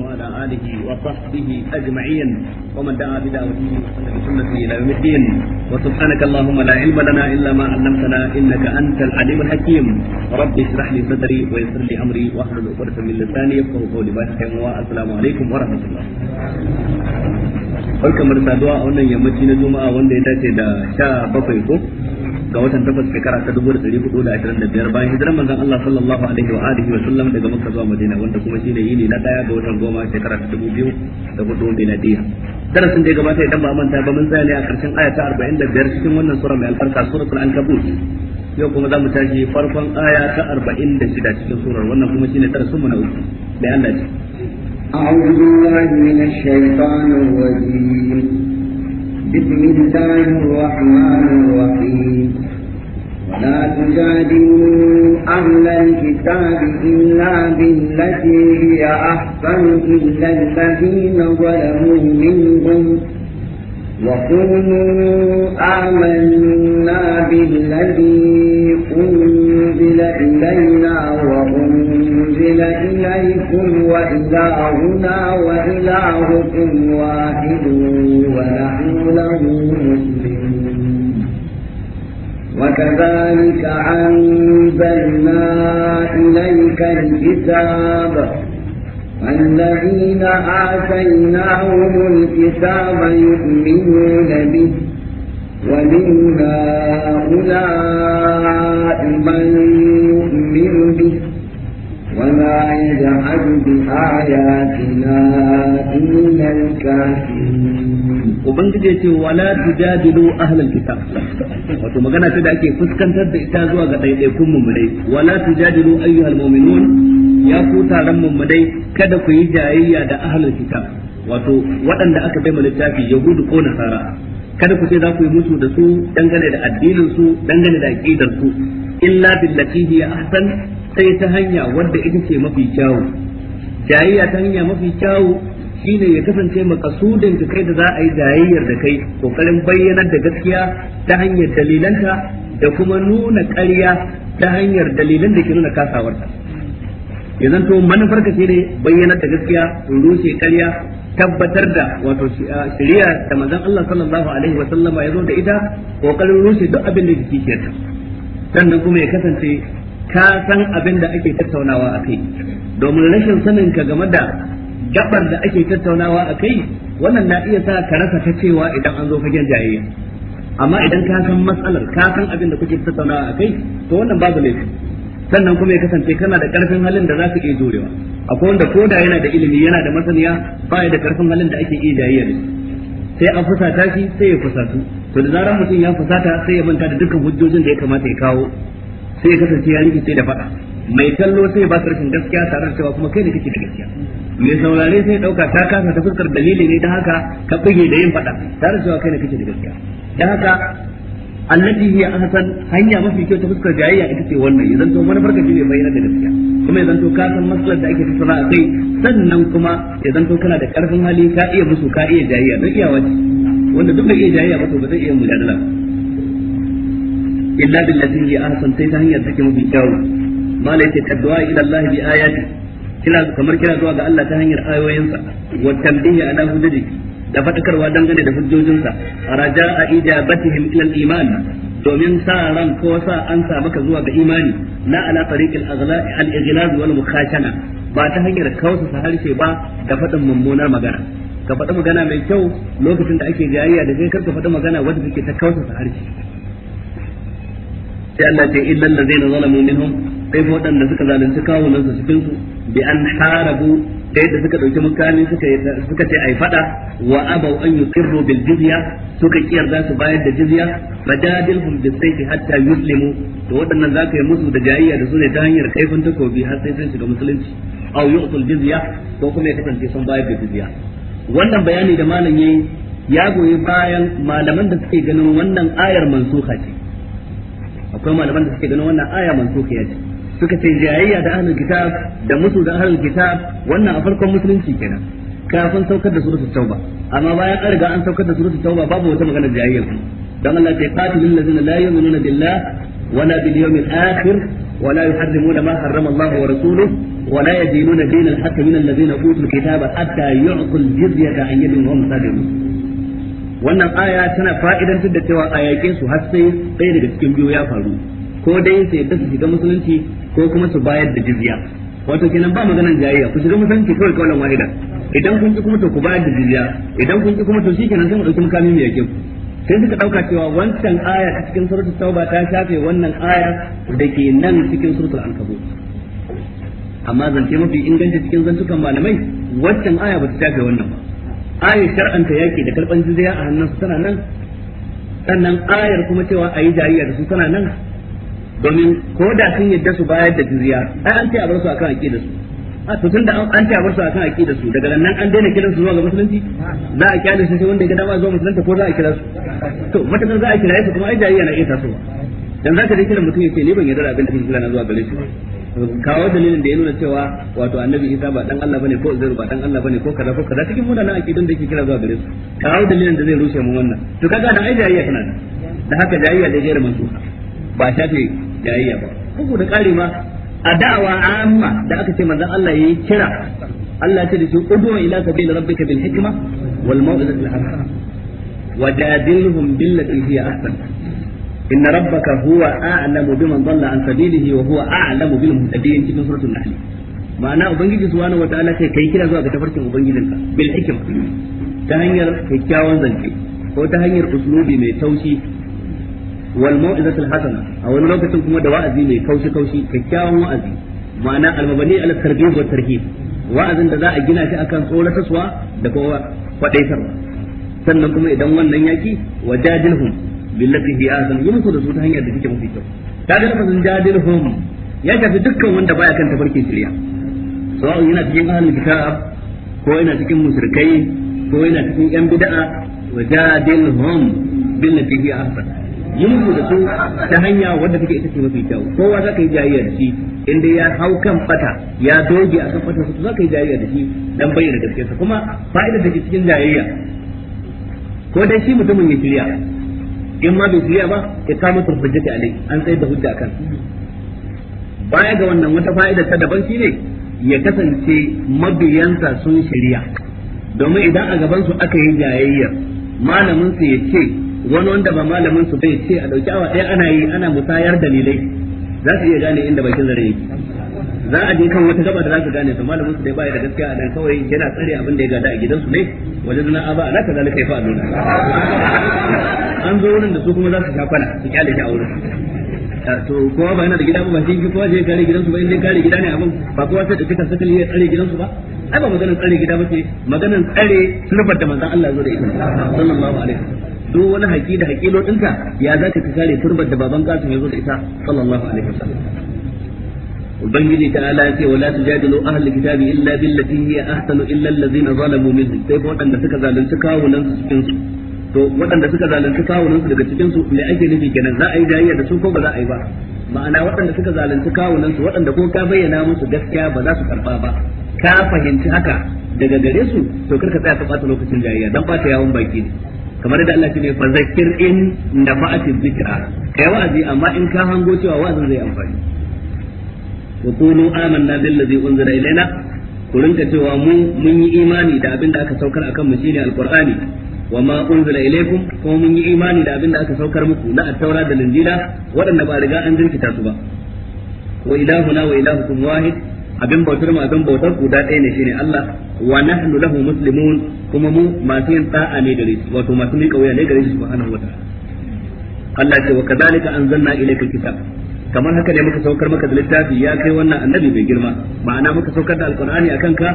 وعلى آله وصحبه أجمعين ومن دعا بدعوته وصلى بسنته إلى يوم الدين وسبحانك اللهم لا علم لنا إلا ما علمتنا إنك أنت العليم الحكيم رب اشرح لي صدري ويسر لي أمري واحلل عقدة من لساني يفقهوا قولي والسلام عليكم ورحمة الله barkan mu da saduwa a wannan yammaci na juma'a wanda ya dace da sha bakwai ko ga watan takwas shekara ta dubu da ɗari hudu da ashirin da biyar bayan hijirar manzon Allah sallallahu alaihi wa alihi wa sallam daga Makka zuwa Madina wanda kuma shine yini na daya ga watan goma shekara ta dubu biyu da hudu miladiya darasin da ya gabata idan ba manta ba mun tsaya ne a karshen aya ta arba'in da biyar cikin wannan sura mai albarka suratul ankabut yau kuma za mu tashi farkon aya ta arba'in da shida cikin surar wannan kuma shine darasin mu na uku mai Allah ce أعوذ بالله من الشيطان الرجيم بسم الله الرحمن الرحيم لا تجادلوا أهل الكتاب إلا بالتي هي أحسن إلا الذين ظلموا منهم وقولوا آمنا بالذي أنزل إلينا وأنزل إليكم وإلهنا وإلهكم واحد ونحن له مسلمون وكذلك أنزلنا إليك الكتاب الذين آتيناهم الكتاب يؤمنون به ومن هؤلاء من يؤمن به وما يجحد بآياتنا إلا الكافرون ubangiji ya ce wala tujadilu ahlal kitab wato magana ce da ake fuskantar da ita zuwa ga ɗaiɗaikun mummunai wala tujadilu ayyuhal mu'minun ya ku taron mummunai kada ku yi jayayya da ahlal kitab wato waɗanda aka bai littafi yahudu ko nasara kada ku ce za ku yi musu da su dangane da addinin su dangane da aqidar su illa billati hiya ahsan sai ta hanya wadda ita ce mafi kyau jayayya ta hanya mafi kyau shine ya kasance makasudin da kai da za a yi jayayyar da kai kokarin bayyanar da gaskiya ta hanyar dalilanta da kuma nuna ƙarya ta hanyar dalilan da ke nuna kasawarta ya zanto manufar ka ne bayyanar da gaskiya rushe ƙarya tabbatar da wato shari'a da manzon Allah sallallahu alaihi wa sallama ya zo da ita kokarin rushe duk abin da ke kiyarta sannan kuma ya kasance ka san abin da ake tattaunawa a kai domin rashin sanin ka game da gaban da ake tattaunawa a kai wannan na iya sa ka rasa ta cewa idan an zo fagen jayayya amma idan ka san matsalar ka san abin da kuke tattaunawa a kai to wannan babu laifi sannan kuma ya kasance kana da karfin halin da za ka iya jurewa akwai wanda ko da yana da ilimi yana da masaniya ba da karfin halin da ake iya jayayya ne sai an fusata shi sai ya fusatu to da zarar mutum ya fusata sai ya manta da dukkan hujjojin da ya kamata ya kawo sai ya kasance ya rikice da faɗa mai kallo sai ba rashin gaskiya tare da cewa kuma kai ne kake da gaskiya mai saurare sai dauka ta kasa ta fuskar dalili ne ta haka ka bige da yin fada tare cewa kai ne kake da gaskiya dan haka annabi ya ahsan hanya mafi kyau ta fuskar jayayya ita ce wannan ya zanto mana barkaci ne bayyana da gaskiya kuma idan to ka san matsalar da ake tsara a kai sannan kuma idan to kana da karfin hali ka iya musu ka iya jayayya da iyawa wanda duk da iya jayayya ba to ba zai iya mujadala illa billati hiya ahsan sai ta hanyar take mafi kyau malai ce kaddu'a ila Allah bi ayati kira kamar kira zuwa ga Allah ta hanyar ayoyinsa wa tambihi ala hudadihi da fadakarwa dangane da hujjojinsa raja'a ijabatihim ila al-iman domin sa ran ko sa an sa maka zuwa ga imani na ala tariqil al-ighlaz wal mukhashana ba ta hanyar kausa harshe ba da fadin mummunar magana ka faɗi magana mai kyau lokacin da ake jayayya da kai karka faɗi magana wadda take ta kausa harshe sai Allah ce illal ladzina zalamu minhum sai waɗanda suka zalunci kawunan su cikin su bi an harabu da yadda suka dauki mukami suka suka ce ai fada wa abau an yuqirru bil jizya suka kiyar za su bayar da jizya fadadilhum bis sayfi hatta yuslimu to wadannan za ka yi musu da jayayya da su ne ta hanyar kaifin takobi har sai sun shiga musulunci aw yu'tul jizya ko kuma ya kasance sun bayar da jizya wannan bayani da malam yayi ya goyi bayan malaman da suke ganin wannan ayar mansuha ce akwai malaman da suke ganin wannan aya mansuha ce suka ce jayayya da ahlul kitab da musu da ahlul kitab wannan a farkon musulunci kenan kafin saukar da suratul tauba amma bayan an riga an saukar da suratul tauba babu wata magana jayayya dan Allah ya qatilul ladzina la yu'minuna billah wala bil yawmil akhir ولا يحرمون ما حرم الله ورسوله ولا يدينون دين الحق من الذين اوتوا الكتاب حتى يعطوا الجزية عن يد وهم صاغرون wannan aya tana fa'idantar da cewa a yaƙe su har sai ɗaya daga cikin biyu ya faru ko dai sai yadda su shiga musulunci ko kuma su bayar da jizya wato kenan ba maganar jayayya ku shiga musanci kawai kaulan wahida idan kun ki kuma to ku bayar da jizya idan kun ki kuma to shikenan sai mu dauki mukami mai yake ku sai suka dauka cewa wancan aya a cikin suratul tauba ta shafe wannan aya da ke nan cikin suratul ankabut amma zance mafi inganci cikin zantukan malamai wancan aya ba ta shafe wannan ba ayar shar'anta yaki da karban jizya a hannun tana nan sannan ayar kuma cewa ayi jariya da su tana nan domin ko da sun yadda su bayar da juriya ai an ce a bar su akan aqida su a to tunda an ce a bar su akan aqida su daga nan an daina kiransu zuwa ga musulunci za a kyale su sai wanda ya ga dama zuwa musulunta ko za a kira su to matakan za a kira su kuma ai jariya na iya tasowa dan zaka dai kira mutum ya ce ni ban yarda da abin da kake kira na zuwa gare shi kawo dalilin da ya nuna cewa wato annabi isa ba dan Allah bane ko zai ba dan Allah bane ko kaza ko kaza cikin ake akidan da yake kira zuwa gare su kawo dalilin da zai rushe mu wannan to kaga dan ai jariya kana da haka jariya da jere su ba shafe jayayya ba bugu da ƙari ma a da'awa amma da aka ce manzon Allah yayi kira Allah ce ta dace ud'u ila sabil rabbika bil hikma wal mau'izati al hasana wajadilhum billati hiya ahsan inna rabbaka huwa a'lamu biman dhalla an sabilihi wa huwa a'lamu bil muhtadin cikin suratul nahl ma'ana ubangiji subhanahu wataala sai kai kira zuwa ga tafarkin ubangijinka bil hikma ta hanyar kyakkyawan zance ko ta hanyar uslubi mai taushi wal mau'izatu al hasana a wani lokacin kuma da wa'azi mai kaushi kaushi kyakkyawan wa'azi ma'ana al mabani ala targhib wa tarhib wa'azin da za a gina shi akan tsoratarwa da kuma kwadaitarwa sannan kuma idan wannan yaki wajadilhum billati hi ahsan yi musu da su ta hanyar da take mafi kyau kaga lafazin jadilhum ya tafi dukkan wanda baya kan tafarkin shirya sawa'un yana cikin ahlul kitab ko yana cikin mushrikai ko yana cikin yan bid'a wajadilhum billati hi ahsan yi musu da su ta hanya wanda take ita ce mafi kyau kowa za ka yi jayayya da shi inda ya hau kan fata ya doge a kan fata su za ka yi jayayya da shi dan bayyana sa, kuma fa'idar da ke cikin jayayya ko dai shi mutumin ya shirya in ma bai shirya ba ya kama ta alai an tsaye da hujja kan baya ga wannan wata faida ta daban ne ya kasance mabiyansa sun shirya domin idan a gaban su aka yi jayayyar malamin su ya ce wani wanda ba malamin su bai ce a dauki awa ɗaya ana yi ana musayar dalilai za su iya gane inda bakin zare yake za a je kan wata gaba da za su gane su malamin su dai bai da gaskiya a dan kawai yana tsare abin da ya gada a gidansu ne wajen na aba naka zalika ya fa nuna an zo wurin da su kuma za su sha su kyale shi a wurin to kowa ba yana da gida ba shi kowa zai kare gidansu ba in kare gida ne abin ba kowa sai da kika sakali ya tsare gidansu ba ai ba maganar tsare gida ba ce maganar tsare sulfar da manzon Allah ya zo da ita sallallahu alaihi wasallam duk wani haƙi da haƙilo ɗinka ya za ka kare turbar da baban kasu ya zo da ita sallallahu alaihi wasallam ubangiji ta ala ce wala tujadilu ahli kitabi illa billati hiya ahsanu illa allazina zalamu minhum sai waɗanda suka zalunci kawunan su cikin su to waɗanda suka zalunci kawunan su daga cikin su me ake nufi kenan za a yi jayayya da su ko ba za a yi ba ma'ana waɗanda suka zalunci kawunan su waɗanda ko ka bayyana musu gaskiya ba za su karɓa ba ka fahimci haka daga gare su to karka tsaya ka ɓata lokacin jayayya dan bata yawon baki ne kamar da Allah shine fa zakir in nafa'ati dhikra kai wa'azi amma in ka hango cewa wa'azin zai amfani wa qulu amanna billazi unzila ilaina ku rinka cewa mu mun yi imani da abin da aka saukar akan mu shine alqur'ani wa ma unzila ilaykum ko mun yi imani da abin da aka saukar muku na at-taura da linjila waɗanda ba riga an jinkita su ba wa ilahuna wa ilahukum wahid abin bautar mu abin bautar guda ɗaya ne shine Allah wa nahnu lahu muslimun kuma mu masu yin ta'a ne gare shi wato masu miƙa wuya ne gare shi subhanahu wa ta'ala Allah ce wa kadhalika anzalna ilayka kitab kamar haka ne muka saukar maka da littafi ya kai wannan annabi mai girma ma'ana muka saukar da alqur'ani akan ka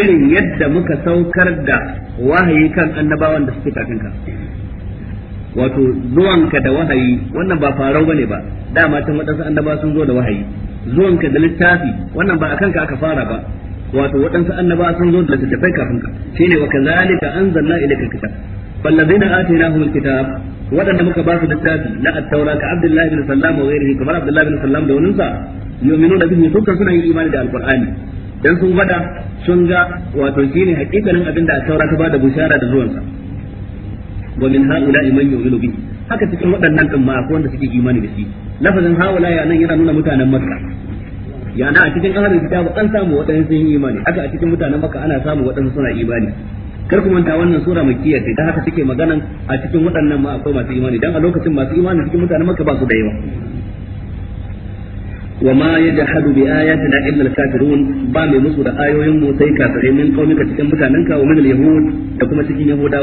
irin yadda muka saukar da wahayi kan annabawan da suke kafin ka wato zuwanka da wahayi wannan ba farau bane ba dama tun wadansu annaba sun zo da wahayi zuwanka da littafi wannan ba akan ka aka fara ba wato waɗansu annaba sun zo da littattafai kafin ka shine wa kazalika anzalna ilayka kitab fallazina atainahum alkitab waɗanda muka ba su littafi na at-taura ka abdullahi bin sallam wa ghairihi kamar abdullahi bin sallam da waninsa yu'minuna bihi dukkan suna yin imani da alqur'ani dan sun gwada sun ga wato shine hakikalin abin da at-taura ta bada bushara da zuwansa wa min ha'ula'i man yu'minu bihi haka cikin waɗannan kan ma akwai wanda suke imani da shi lafazin haula ya nan yana nuna mutanen makka ya na a cikin ahlul ba an samu waɗansu sun yi imani haka a cikin mutanen makka ana samu waɗansu suna imani kar ku manta wannan sura mu kiyar dan haka take maganan a cikin waɗannan ma akwai masu imani dan a lokacin masu imani cikin mutanen makka ba su da yawa وما يجحد بآياتنا إلا الكافرون بام مصر آية موسى كافرين من قومك تكن da ومن اليهود تكما wa يهودا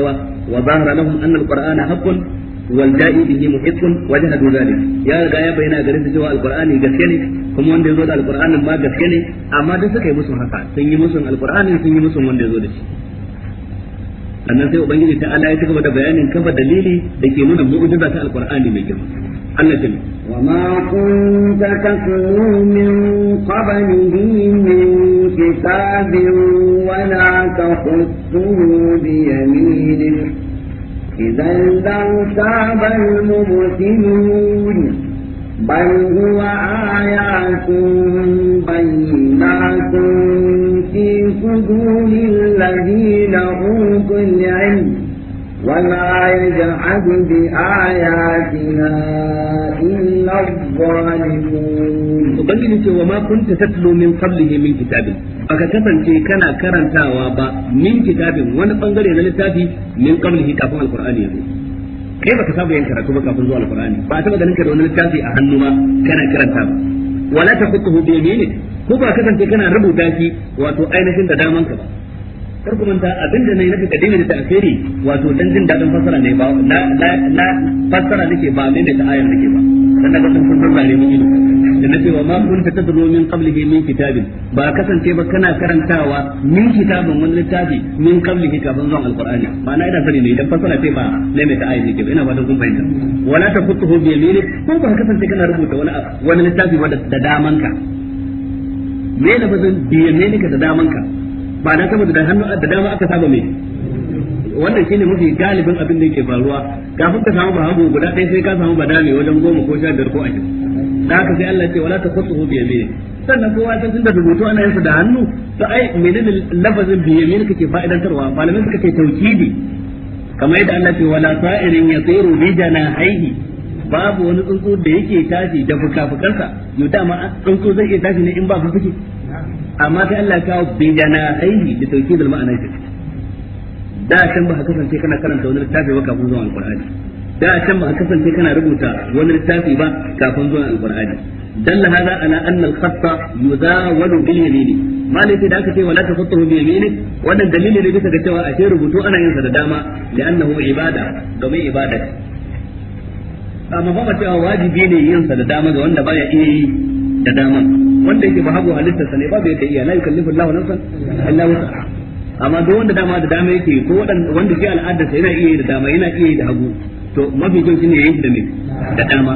وظهر لهم أن القرآن حق wal da'i bihi muhiqqun wajhadu zalik ya riga ya bayyana garin cewa alkur'ani gaske ne kuma wanda yazo da alqur'anin ma gaske ne amma duk suka yi musu haka sun yi musu alqur'anin sun yi musu wanda sai ubangiji ta Allah ya ci gaba da bayanin kafa dalili da ke nuna mu'jiza ta alqur'ani mai girma Allah ya wa ma kunta tatlu إذا لارتاب المبطلون بل هو آيات بينات في صدور الذين أوتوا العلم وما يجحد بآياتنا إلا الظالمون ubangiji ce wa ma kunta tatlu min qablihi min kitabin aka kasance kana karantawa ba min kitabin wani bangare na littafi min qablihi kafin alqur'ani yazo kai baka saba yin karatu ba kafin zuwa alqur'ani ba ta ganin ka da wani littafi a hannu ma kana karanta ba wala taqutuhu bi yaminik ko ba kasance kana rubuta shi wato ainihin da daman ka ba kar ku manta abin da nayi na kadimi da tafsiri wato dan jin dadin fasara ne ba na na fassara nake ba mai da ayar nake ba dan daga sun furta zare mu ido da nace wa ma kun ta tadru min qablihi min kitabin ba kasance ba kana karantawa min kitabin wani littafi min qablihi kafin zuwan alqur'ani ba na idan sani ne dan fassara ce ba ne mai ta ayar nake ba ina fatan kun fahimta wala ta kutuhu bi yaminik ko ba kasance kana rubuta wani wani littafi da damanka me lafazin bi ka da damanka ba dan saboda da hannu da dama aka saba mai wannan shine mafi galibin abin da yake faruwa kafin ka samu bahago guda ɗaya sai ka samu badami wajen goma ko sha biyar ko ashirin da haka sai Allah ya ce wala takhutuhu bi yamin sannan kowa san tunda rubutu ana yin sa da hannu to ai menene lafazin bi yamin kake fa'idantarwa Malamin suka ce tawkidi kamar yadda Allah ce wala sa'irin yasiru bi janahihi babu wani tsuntsu da yake tashi da fuka-fukansa yau dama tsuntsu zai iya tashi ne in ba fuka amma sai Allah ya kawo bijanahaihi da tawkidul ma'ana shi da can ba ka kasance kana karanta wani littafi ba kafin zuwa alqur'ani da can ba ka kasance kana rubuta wani littafi ba kafin zuwa alqur'ani dalla hada ala anna al-khatta yuzawalu bil yamini malai sai da aka ce wala tafattahu bi yaminik wannan dalili ne bisa ga cewa a rubutu ana yin sa da dama li'annahu ibada domin ibada amma ba ma cewa wajibi ne yin sa da dama ga wanda baya iya yi da dama wanda yake ba hagu halitta sane ne ba bai iya la yukallifu Allahu nafsan illa wus'aha amma duk wanda dama da dama yake ko wanda ke al'adar sa yana iya yi da dama yana iya yi da hagu to mafi kyau shine yayin da mai da dama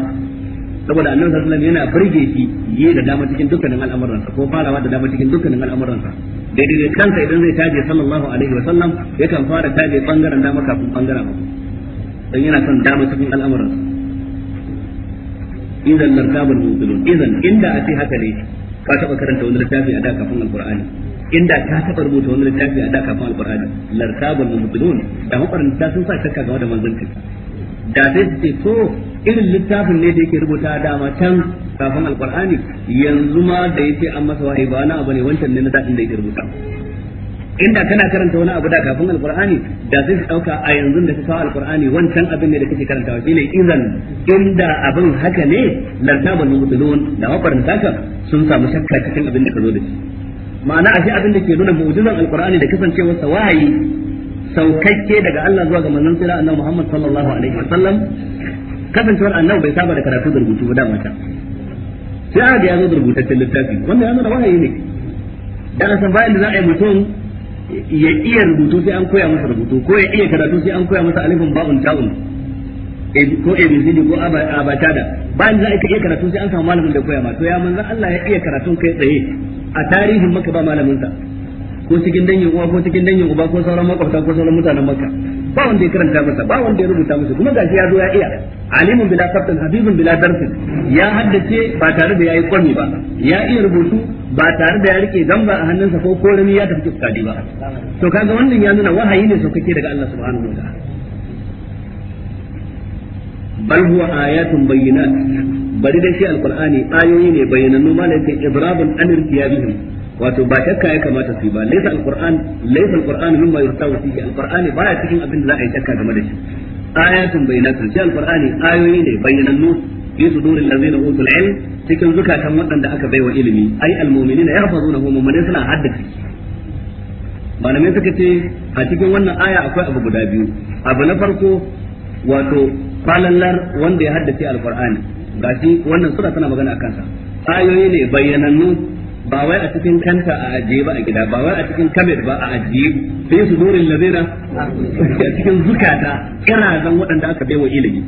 saboda annabi sallallahu alaihi wasallam yana burge shi yi da dama cikin dukkanin al'amuransa ko farawa da dama cikin dukkanin al'amuransa daidai da kansa idan zai taje sallallahu alaihi wasallam yakan fara taje bangaren dama kafin bangaren dan yana son dama cikin al'amuransa idan lartabul mubtilun idan inda a ce haka ne ka taba karanta wani littafi a da kafin alqur'ani inda ka taba rubuta wani littafi a da kafin alqur'ani lartabul mubtilun da makaranta sun sa shakka game da manzancin da sai su ce to irin littafin ne da yake rubuta dama can kafin alqur'ani yanzu ma da yake an masa wahayi ba wani abu ne wancan ne na dadin da yake rubuta inda kana karanta wani abu da kafin alqur'ani da zai dauka a yanzu da ka kawo alqur'ani wancan abin ne da kake karantawa shine idan inda abin haka ne lantaban mubtilun da mafaranta ka sun samu shakka cikin abin da ka zo da shi ma'ana ashe abin da ke nuna mu'jizan alqur'ani da kasancewar sa wahayi saukakke daga Allah zuwa ga manzon sirra annabi Muhammad sallallahu alaihi wasallam kasancewar annabi bai saba da karatu da rubutu ba da mata sai aka ga ya zo da rubutaccen littafi wanda ya nuna wahayi ne dan san bayan da za a yi mutum ya iya rubutu sai an koya masa rubutu ko ya iya karatu sai an koya masa alifin babun ta'un ko abcd ko abatada bayan za ka iya karatu sai an samu malamin da koya ma to ya manzan Allah ya iya karatun kai tsaye a tarihin maka ba malamin ta ko cikin dangin uwa ko cikin dangin uba ko sauran makwabta ko sauran mutanen maka ba wanda ya karanta masa ba wanda ya rubuta masa kuma gashi ya zo ya iya alimun bila sabtin habibun bila darsin ya haddace ba tare da yayi kwami ba ya iya rubutu ba tare da ya rike zamba a hannunsa ko korami ya tafi kiskadi ba to kaga wannan ya nuna wahayi ne saukake daga Allah subhanahu wa ta'ala bal huwa ayatun bayyinat bari dai shi alqur'ani ayoyi ne bayyana ma la yake idrabun bihim wato ba shakka ya kamata su yi ba laysa alquran laysa alquran mimma yurtawu fihi ba baya cikin abin da za a yi shakka game da shi ayatun bayyinatun shi alqurani ayoyi ne bayyanannu fi suduril ladzina utul ilm cikin zukatan waɗanda aka baiwa ilimi ai almu'minina yahfazunahu mu'minina suna haddace malamai suka ce a cikin wannan aya akwai abu guda biyu abu na farko wato falallar wanda ya haddace alqur'ani gashi wannan sura tana magana akan sa ayoyi ne bayyanannu ba wai a cikin kanta a ajiye ba a gida ba wai a cikin kabir ba a ajiye sai su zurin lazira a cikin zukata zan waɗanda aka wa ilimi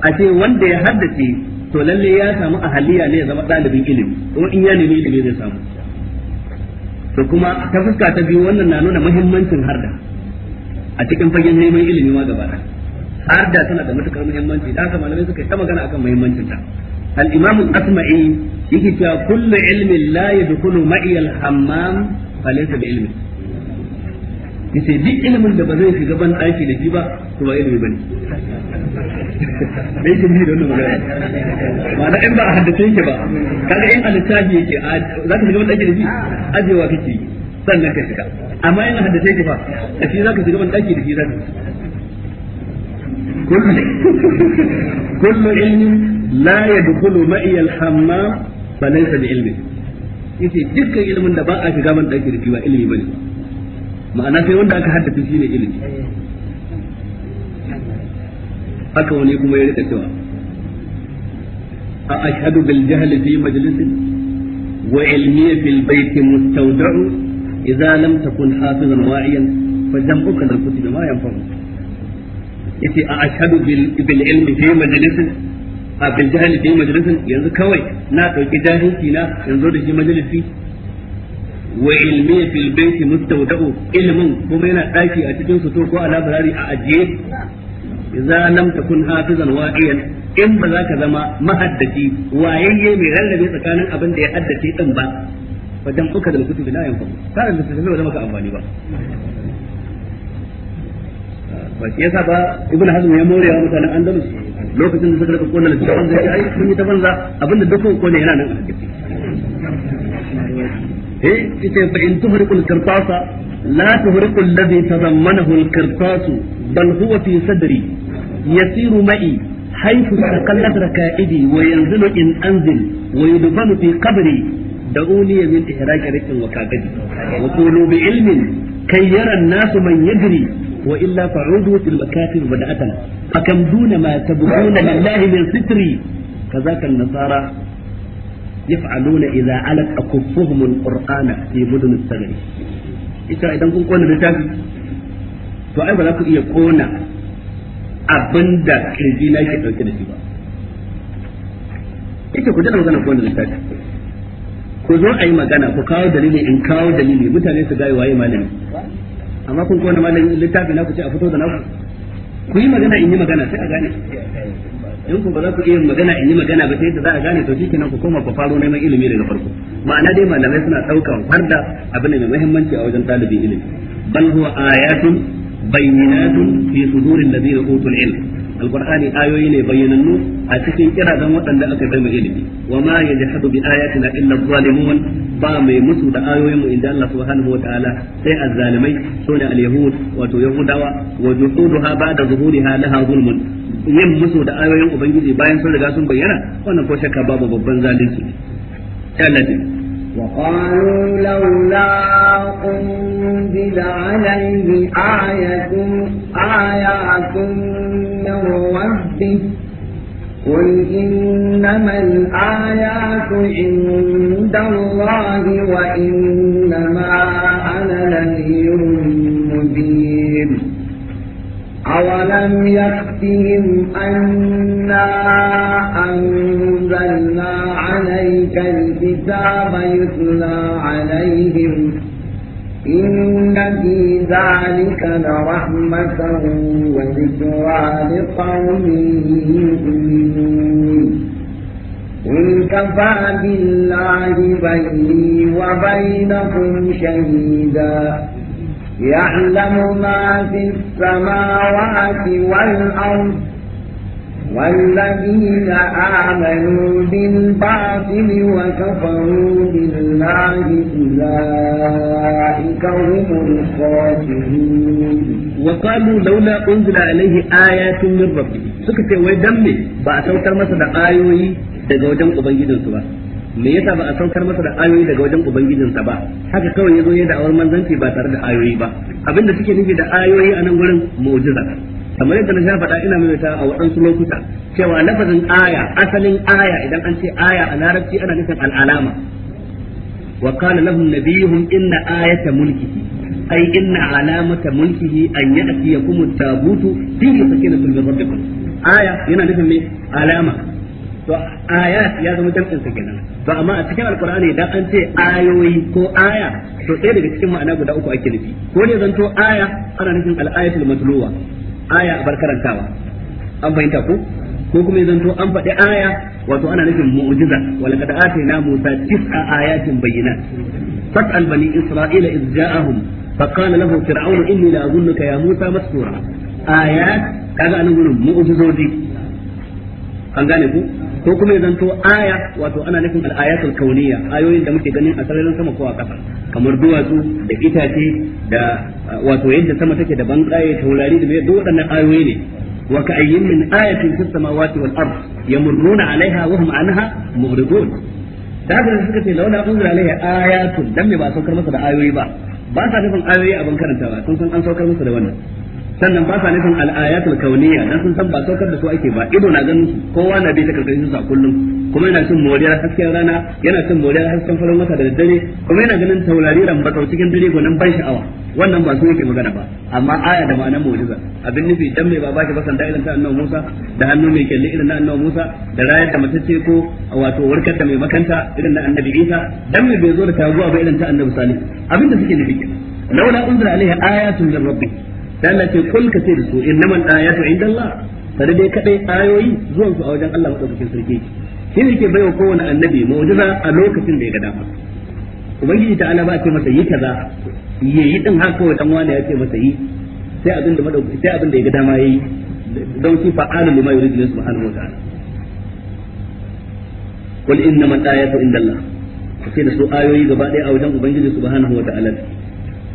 a ce wanda ya haddace to lalle ya samu ahaliya ne ya zama ɗalibin ilimi ko in ya nemi ilimi zai samu to kuma ta fuska ta biyu wannan na nuna muhimmancin harda a cikin fagen neman ilimi ma gaba harda tana da matukar muhimmanci da haka malamai suka yi ta magana akan muhimmancin ta Al'imamin imam al-asma'i yake cewa kullu ilmin la yadkhulu ma'i al-hammam falaysa bi ilmi yace duk ilimin da ba zai shiga ban aiki da shi ba to ba ilimi bane bai kin da wannan magana ma'ana in ba a haddace yake ba kaga in alisabi yake za ka shiga ban aiki da shi ajewa kake sannan ka shiga amma in haddace yake fa da shi za ka shiga ban aiki da shi za ilmin la yadkhulu ma'i al-hammam fa laysa bi ilmi yace dukkan ilimin da ba a shiga man daki da shi ba ilimi bane ma'ana sai wanda aka haddace shi ne ilimi haka wani kuma ya rika cewa a ashadu bil jahli fi majlisin wa ilmi fil bayt mustawda'u idza lam takun hafizan wa'iyan fa jam'uka al-kutub ma yanfa'u yace a ashadu bil ilmi fi majlisin Abin bil jahili da majalisin yanzu kawai na ɗauki jahilci na yanzu da shi majalisi wa ilmi fil baiti mustawda'u ilmin kuma yana daki a cikin sutur ko ala barari a ajiye idza lam takun hafizan wa'iyan in ba za ka zama mahaddaci wayayye mai rallabe tsakanin abin da ya haddace din ba wajen kuka da kutubi la yanfa kana da tafi da maka amfani ba ba shi yasa ba ibnu hazm ya morewa mutanen andalus lokacin da suka rika kona littafin zai ai sun yi ta banza abinda dukkan kone yana nan a cikin eh ita fa in tuhrikul kirtasa la tuhrikul ladhi tazammanahu al kirtasu bal huwa fi sadri yasiru ma'i حيث تقلت ركائبي وينزل إن أنزل ويدفن في قبري دعوني من إحراج رق وكاكدي وقولوا بعلم كي يرى nasu من يجري وإلا فعودوا في المكاتب بدأة فكم دون ما تبغون لله من ستري كذاك النصارى يفعلون إذا علت أكفهم القرآن في مدن السجن إذا إذا كنت قلنا لتاك فأيضا لكم يكون abinda kirji na yake dauke da shi ba yake ku dana magana ko littafi ku zo a yi magana ku kawo dalili in kawo dalili mutane su gaya waye malami amma kun kowane malin littafi na ku ce a fito da naku ku yi magana in yi magana sai a gane in ku ba za ku iya magana in yi magana ba sai da za a gane to shikenan ku koma ku faro neman ilimi daga farko ma'ana dai malamai suna daukan farda abin mai muhimmanci a wajen talibin ilimi bal huwa ayatun bayyinatun fi sudurin ladina utul ilm alqur'ani ayoyi ne bayyanannu a cikin kirazan waɗanda aka bai ilimi wa ma yajhadu bi ayatina illa zalimun ba mai musu da ayoyin mu inda Allah subhanahu wataala sai azzalimai sune alyahud wato yahudawa wa juhuduha ba'da zuhuriha laha zulmun yin musu da ayoyin ubangiji bayan sun riga sun bayyana wannan ko shakka babu babban zalunci ne وقالوا لولا أنزل عليه آية آيات ربه قل إنما الآيات عند الله وإنما أنا نذير مبين أولم يكفهم أنا أنزلنا عليك الكتاب يتلى عليهم إن في ذلك لرحمة وذكرى لقوم يؤمنون قل كفى بالله بيني وبينكم شهيدا يعلم ما في السماوات والأرض والذين آمنوا بالباطل وكفروا بالله أولئك هم الخاسرون وقالوا لولا أنزل عليه آيات من ربه سكت ودمي بأسوكر مثلا آيوي daga wajen ubangijinsu ba me yasa ba a saukar masa da ayoyi daga wajen ubangijinsa ba haka kawai yazo ya da awar manzanci ba tare da ayoyi ba abinda suke nufi da ayoyi a nan gurin mu'jiza kamar yadda na faɗa ina maimaita a waɗansu lokuta cewa lafazin aya asalin aya idan an ce aya a larabci ana nufin al'alama wa kana lahum nabiyuhum inna ayata mulkihi ay inna alamata mulkihi an ya'tiyakum at-tabutu fihi sakinatun min rabbikum aya yana nufin me alama to ayat ya zama jam'in sa kenan to amma a cikin alqur'ani idan an ce ayoyi ko aya to ɗaya daga cikin ma'ana guda uku ake nufi ko ne zanto aya ana nufin al-ayatul matluwa aya a bar karantawa an fahimta ko ko kuma zanto an faɗi aya wato ana nufin mu'jiza wal qad atayna musa tis'a ayatin bayyinat fas'al bani isra'ila iz ja'ahum فقال له فرعون اني لاظنك يا موسى مسحورا ايات kaga anan gurin mu'jizoji an gane ku ko kuma ya zanto aya wato ana nufin al-ayatul kauniyya ayoyin da muke ganin a sararin sama ko a ƙasa kamar duwatsu da itace da uh, wato yadda sama take da bankaye taurari da mai duk waɗannan ayoyi ne wa ka ayyin min ayatin fis samawati wal ard yamurruna alaiha wa hum anha mu'ridun da haka suka ce launa unzira alaiha ayatun dan me ba saukar masa da ayoyi ba ba sa nufin ayoyi a ban ba sun san an saukar masa da wannan sannan ba sa nufin al'ayatul kauniyya dan sun san ba saukar da su ake ba ido na ganin su kowa na bi ta karkashin sa kullum kuma yana cin moriyar hasken rana yana cin moriyar hasken farin wata da daddare kuma yana ganin taurari ran bakau cikin dare nan ban sha'awa wannan ba su yake magana ba amma aya da ma'anar mu'jiza abin nufi dan mai baba ki basan da irin ta annabi Musa da hannu mai kelle irin na annabi Musa da rayar da matacce ko wato warkar da mai makanta irin na annabi Isa dan mai bai zo da taguwa ba irin ta annabi Salih abin da suke nufi kenan laula unzira alaihi ayatun min rabbih dan Allah ce kul ka ce da su innaman ayatu indallah sai dai kadai ayoyi zuwan su a wajen Allah madaukakin sarki shi ne ke baiwa kowane annabi mu'jiza a lokacin da ya ga dama ubangiji ta ala ba ce masa yi kaza yayi din haka kawai dan wani ya ce masa yi sai abin da madauki sai abin da ya ga dama yayi don shi fa'alu lima yuridu subhanahu wa ta'ala qul innama al-ayatu ku ce da su ayoyi gaba ɗaya a wajen ubangiji subhanahu wa ta'ala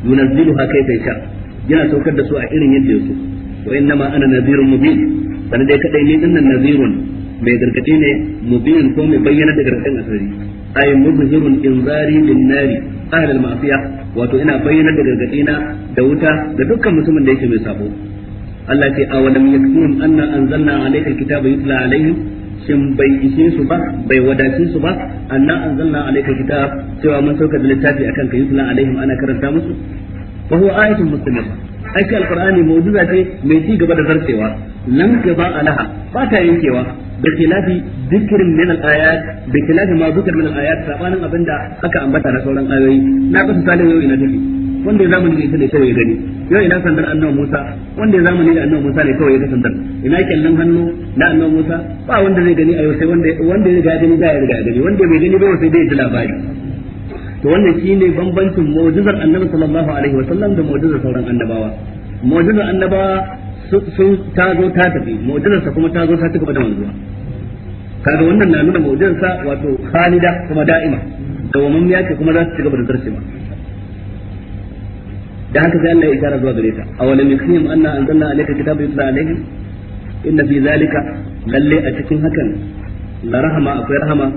yunazziluha kayfa yasha yana saukar da su a irin yadda ya so wa inna ma ana nazirun mubin sanan dai kadai ne dinnan nazirun mai gargadi ne mubin ko mai bayyana da gargadin asiri ay muzhirun inzari bin nari ahli al ma'siya wato ina bayyana da gargadi na da wuta da dukkan mutumin da yake mai sabo Allah ce a walam yakfihim anna anzalna alayka alkitaba yutla alaihim shin bai ishe su ba bai wadace su ba anna anzalna alayka alkitab cewa mun saukar da littafi akan ka yutla alaihim ana karanta musu fa huwa ayatun mustamira aiki alqur'ani mu'jiza ce mai ci gaba da zartewa lam ba alaha ba ta yankewa da khilafi dhikrin min al-ayat da khilafi ma dhikr min al-ayat sabanin abinda aka ambata na sauran ayoyi na kasu salihu yau ina take wanda zamani ne sai sai ya gani yau ina sandar annabi Musa wanda zamani da annabi Musa ne kawai ya ga sandar ina kyallin hannu na annabi Musa ba wanda zai gani ya gani da gani bai gani ba sai zai ya labari to wannan shine bambancin mu'jizar annabi sallallahu alaihi wasallam da mu'jizar sauran annabawa mu'jizar annabawa sun ta zo ta tafi mu'jizar sa kuma ta zo ta tafi da wanzuwa kaga wannan na nuna mu'jizar sa wato khalida kuma da'ima da wannan ya ce kuma za su ci gaba da ba. da haka sai Allah ya isharar zuwa gare ta awalam yakfihim anna anzalna alayka kitaba yutla alaihim inna fi zalika lalle a cikin hakan la rahama akwai rahama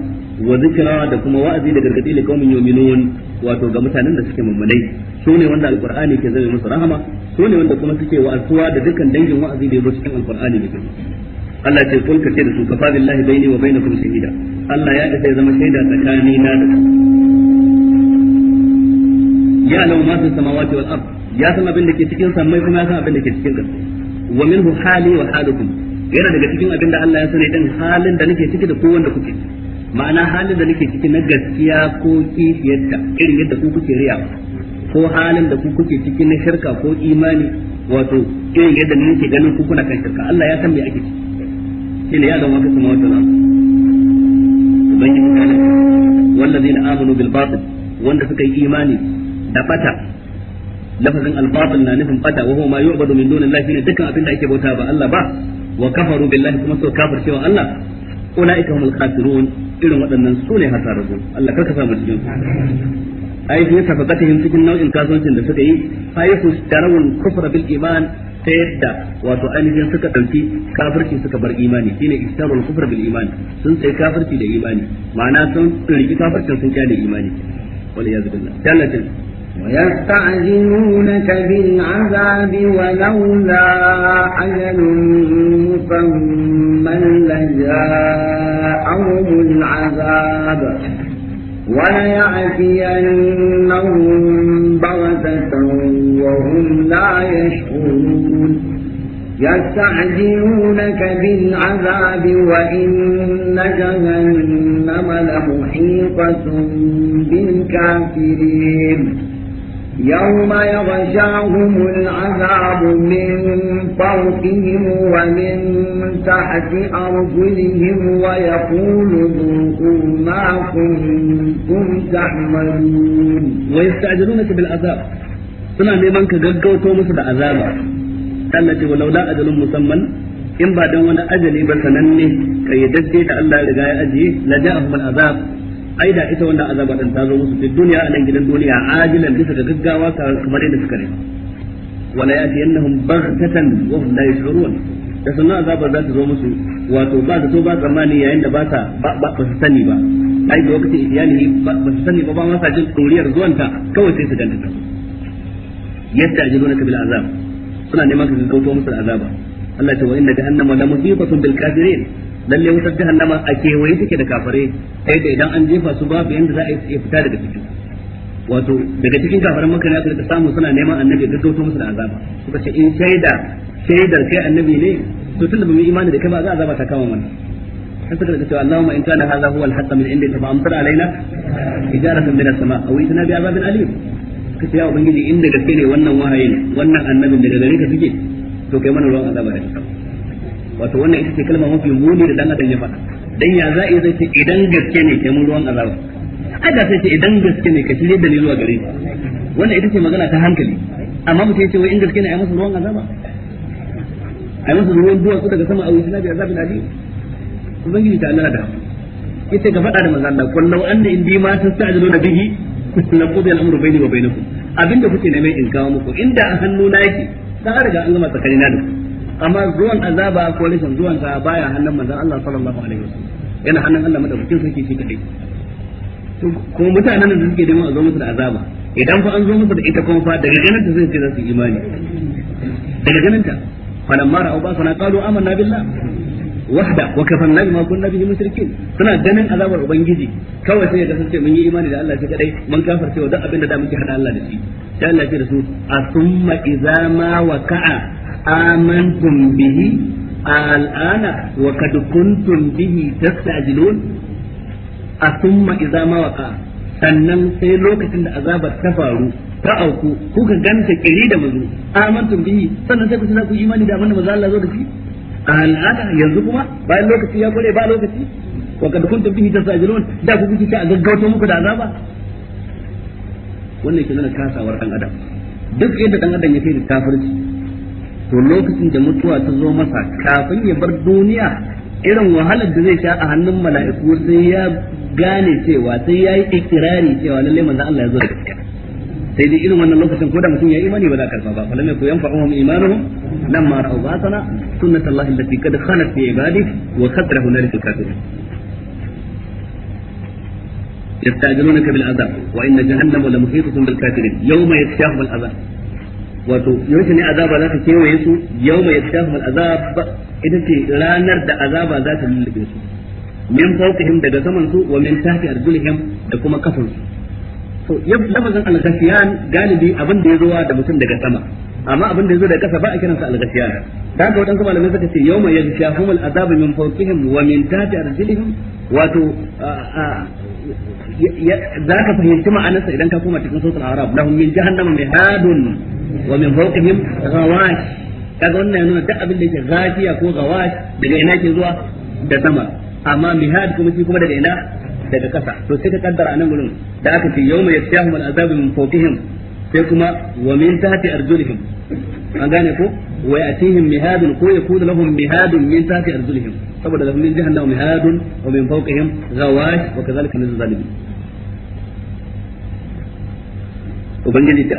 wa zikra da kuma wa'azi da gargadi li qaumin yu'minun wato ga mutanen da suke mummunai su ne wanda alqur'ani ke zama musu rahama su ne wanda kuma suke wa'azuwa da dukkan dangin wa'azi da yazo cikin alqur'ani ne Allah ce kul kace da su kafa billahi baini wa bainakum shahida Allah ya da zama shaida tsakani na da ya lau ma fi samawati wal ard ya san abin da ke cikin samai kuma ya san abin da ke cikin ƙasa wa minhu hali wa halukum yana daga cikin abin da Allah ya sani din halin da nake ciki da ko wanda kuke ma'ana halin da nake ciki na gaskiya ko kifiyarta irin yadda ku kuke riya ko halin da ku kuke ciki na shirka ko imani wato irin yadda nake ganin ku kuna kan shirka Allah ya san me ake ciki shine ya zama ka wato na ubangiji kana wallazina amanu bil batil wanda suka yi imani da fata lafazin al-batil na nufin fata wa huwa ma yu'badu min dunillahi ne dukkan abin da ake bauta ba Allah ba wa kafaru billahi kuma suka kafir cewa Allah ulaika humul khasirun irin waɗannan su ne hasararru Allah karka samu cikin ai fi safaqatihim cikin nau'in kasuwancin da suka yi haythu tarawul kufra bil iman ta yadda wato ainihin suka ɗauki kafirci suka bar imani shine istabul kufr bil imani sun sai kafirci da imani ma'ana sun riki kafircin sun kyale imani wal yazbillah ويستعجلونك بالعذاب ولولا أجل مسمى لجاءهم العذاب وليأتينهم بغتة وهم لا يشعرون يستعجلونك بالعذاب وإن جهنم لمحيطة بالكافرين يوم يغشاهم العذاب من فوقهم ومن تحت أرجلهم ويقول ذوقوا ما كنتم تعملون ويستعجلونك بالعذاب suna neman ka gaggauto musu da azaba Allah ce walau la ajalun musamman in ba dan wani ajali ba sananne kayyadadde da Allah ya riga ya ajiye la ja'ahum al azab ai da ita wanda azaba din ta zo musu fi duniya a nan gidan duniya ajilan bisa ga gaggawa kamar yadda suka nema wala yatiyannahum baghtatan wa hum la yash'urun da sunan azaba za ta zo musu wato ba zato ba tsammani yayin da ba ta ba su sani ba ai da lokacin iyali ba su sani ba ba ma sa jin doriyar zuwanta kawai sai su ganta ta yadda ajiluna bil azab suna neman ka kauto musu azaba Allah ta wa inna jahannama la musibatun bil kafirin lalle wutar jahannama a kewaye take da kafare sai da idan an jefa su babu yanda za a yi fita daga cikin wato daga cikin kafaran makka ne aka rika samu suna neman annabi da gaggauto musu da azaba suka ce in shaida shaidar kai annabi ne to tunda ba mu imani da kai ba za a azaba ta kama mana sai suka rika cewa Allahumma in kana hadha huwa al-haqq min indika fa amtir alaina ijaratan min as-sama' aw itna bi azabin alim kace ya ubangiji in da gaske ne wannan wahayin wannan annabin daga gare ka suke to kai mana ruwan azaba da sama wato wannan ita ce kalma mafi muni da dan adam ya faɗa dan ya za'i zai ce idan gaske ne kai mun ruwan azaba ga sai ce idan gaske ne ka shirye da ni zuwa gare ni wannan ita ce magana ta hankali amma mutum ya ce wai in gaske ne ai musu ruwan azaba ai musu ruwan duwatsu daga sama a wuce na bi azabin alim ubangiji ta Allah da yace ga faɗa da manzo Allah kullu anna indi ma tastajilu da bihi la qudi al-amru bayni wa bainakum abinda kuke neman in kawo muku inda a hannu na yake dan an riga an gama tsakanin da amma zuwan azaba ko rashin zuwan sa baya hannun manzon Allah sallallahu alaihi wasallam yana hannun Allah madaukakin sarki shi kadai ko mutanen da suke neman a zo musu da azaba idan fa an zo musu da ita kuma fa daga ganin ta sai ce za su imani daga ganin ta falamma ra'u ba sana qalu amanna billah wahda wa kafanna bima kunna bihi mushrikin suna ganin azabar ubangiji kawai sai ga sun ce mun yi imani da Allah shi kadai mun kafirce wa duk abin da muke hada Allah da shi sai Allah ya da su asumma izama ma waqa'a amantum bihi al'ana wa kad kuntum bihi tastajilun asumma izama ma waqa'a sannan sai lokacin da azabar ta faru ta auku kuka ganta kiri da mazu amantum bihi sannan sai ku za ku imani da abin da maza Allah zo da shi al'ada yanzu kuma bayan lokaci ya kware ba lokaci wa kad kuntum bihi tasajilun da ku kuke ta gaggauta muku da azaba wannan ke nuna kasawar dan adam duk yadda dan adam ya kai da kafirci to lokacin da mutuwa ta zo masa kafin ya bar duniya irin wahalar da zai sha a hannun mala'iku sai ya gane cewa sai ya yi ikirari cewa lallai manzo Allah ya zo da gaskiya sai dai irin wannan lokacin ko da mutum ya imani ba za karfa ba falam yakun yanfa'uhum imanuhum lamma ra'aw ba'sana sunnatullahi allati qad khalat fi ibadi wa khatra hunalika kafirun يستعجلونك بالعذاب وإن جهنم لمحيطة بالكافرين يوم يكشاهم azab wato yaushe ne azaba za ta kewaye su yau mai shafi azab idan ce ranar da azaba za ta lullube su min fawqihim daga saman su wa min tahti arjulihim da kuma kafan su to lafazin al-ghasiyan galibi abin da ya zo da mutum daga sama amma abin da ya zo daga kasa ba a kiransa al-ghasiyan da haka wadansu malamai suka ce yawma yajshahum al-azab min fawqihim wa min tahti arjulihim wato za ka fahimci ma'anarsa idan ka koma cikin sautul arab lahum min jahannama mihadun wa min fawqihim ghawash kaga wannan yana duk abin da yake gafiya ko gawash daga ina ke zuwa da sama amma mihad kuma shi kuma daga ina daga kasa to sai ka kaddara anan gurin da aka ce yawma yasyahu al azabu min fawqihim sai kuma wa min tahti arjulihim an gane ko wa yatihim mihadun ko yakunu lahum mihadun min tahti arjulihim saboda min jahannam mihadun wa min fawqihim ghawash wa kadhalika zalimin ubangiji ta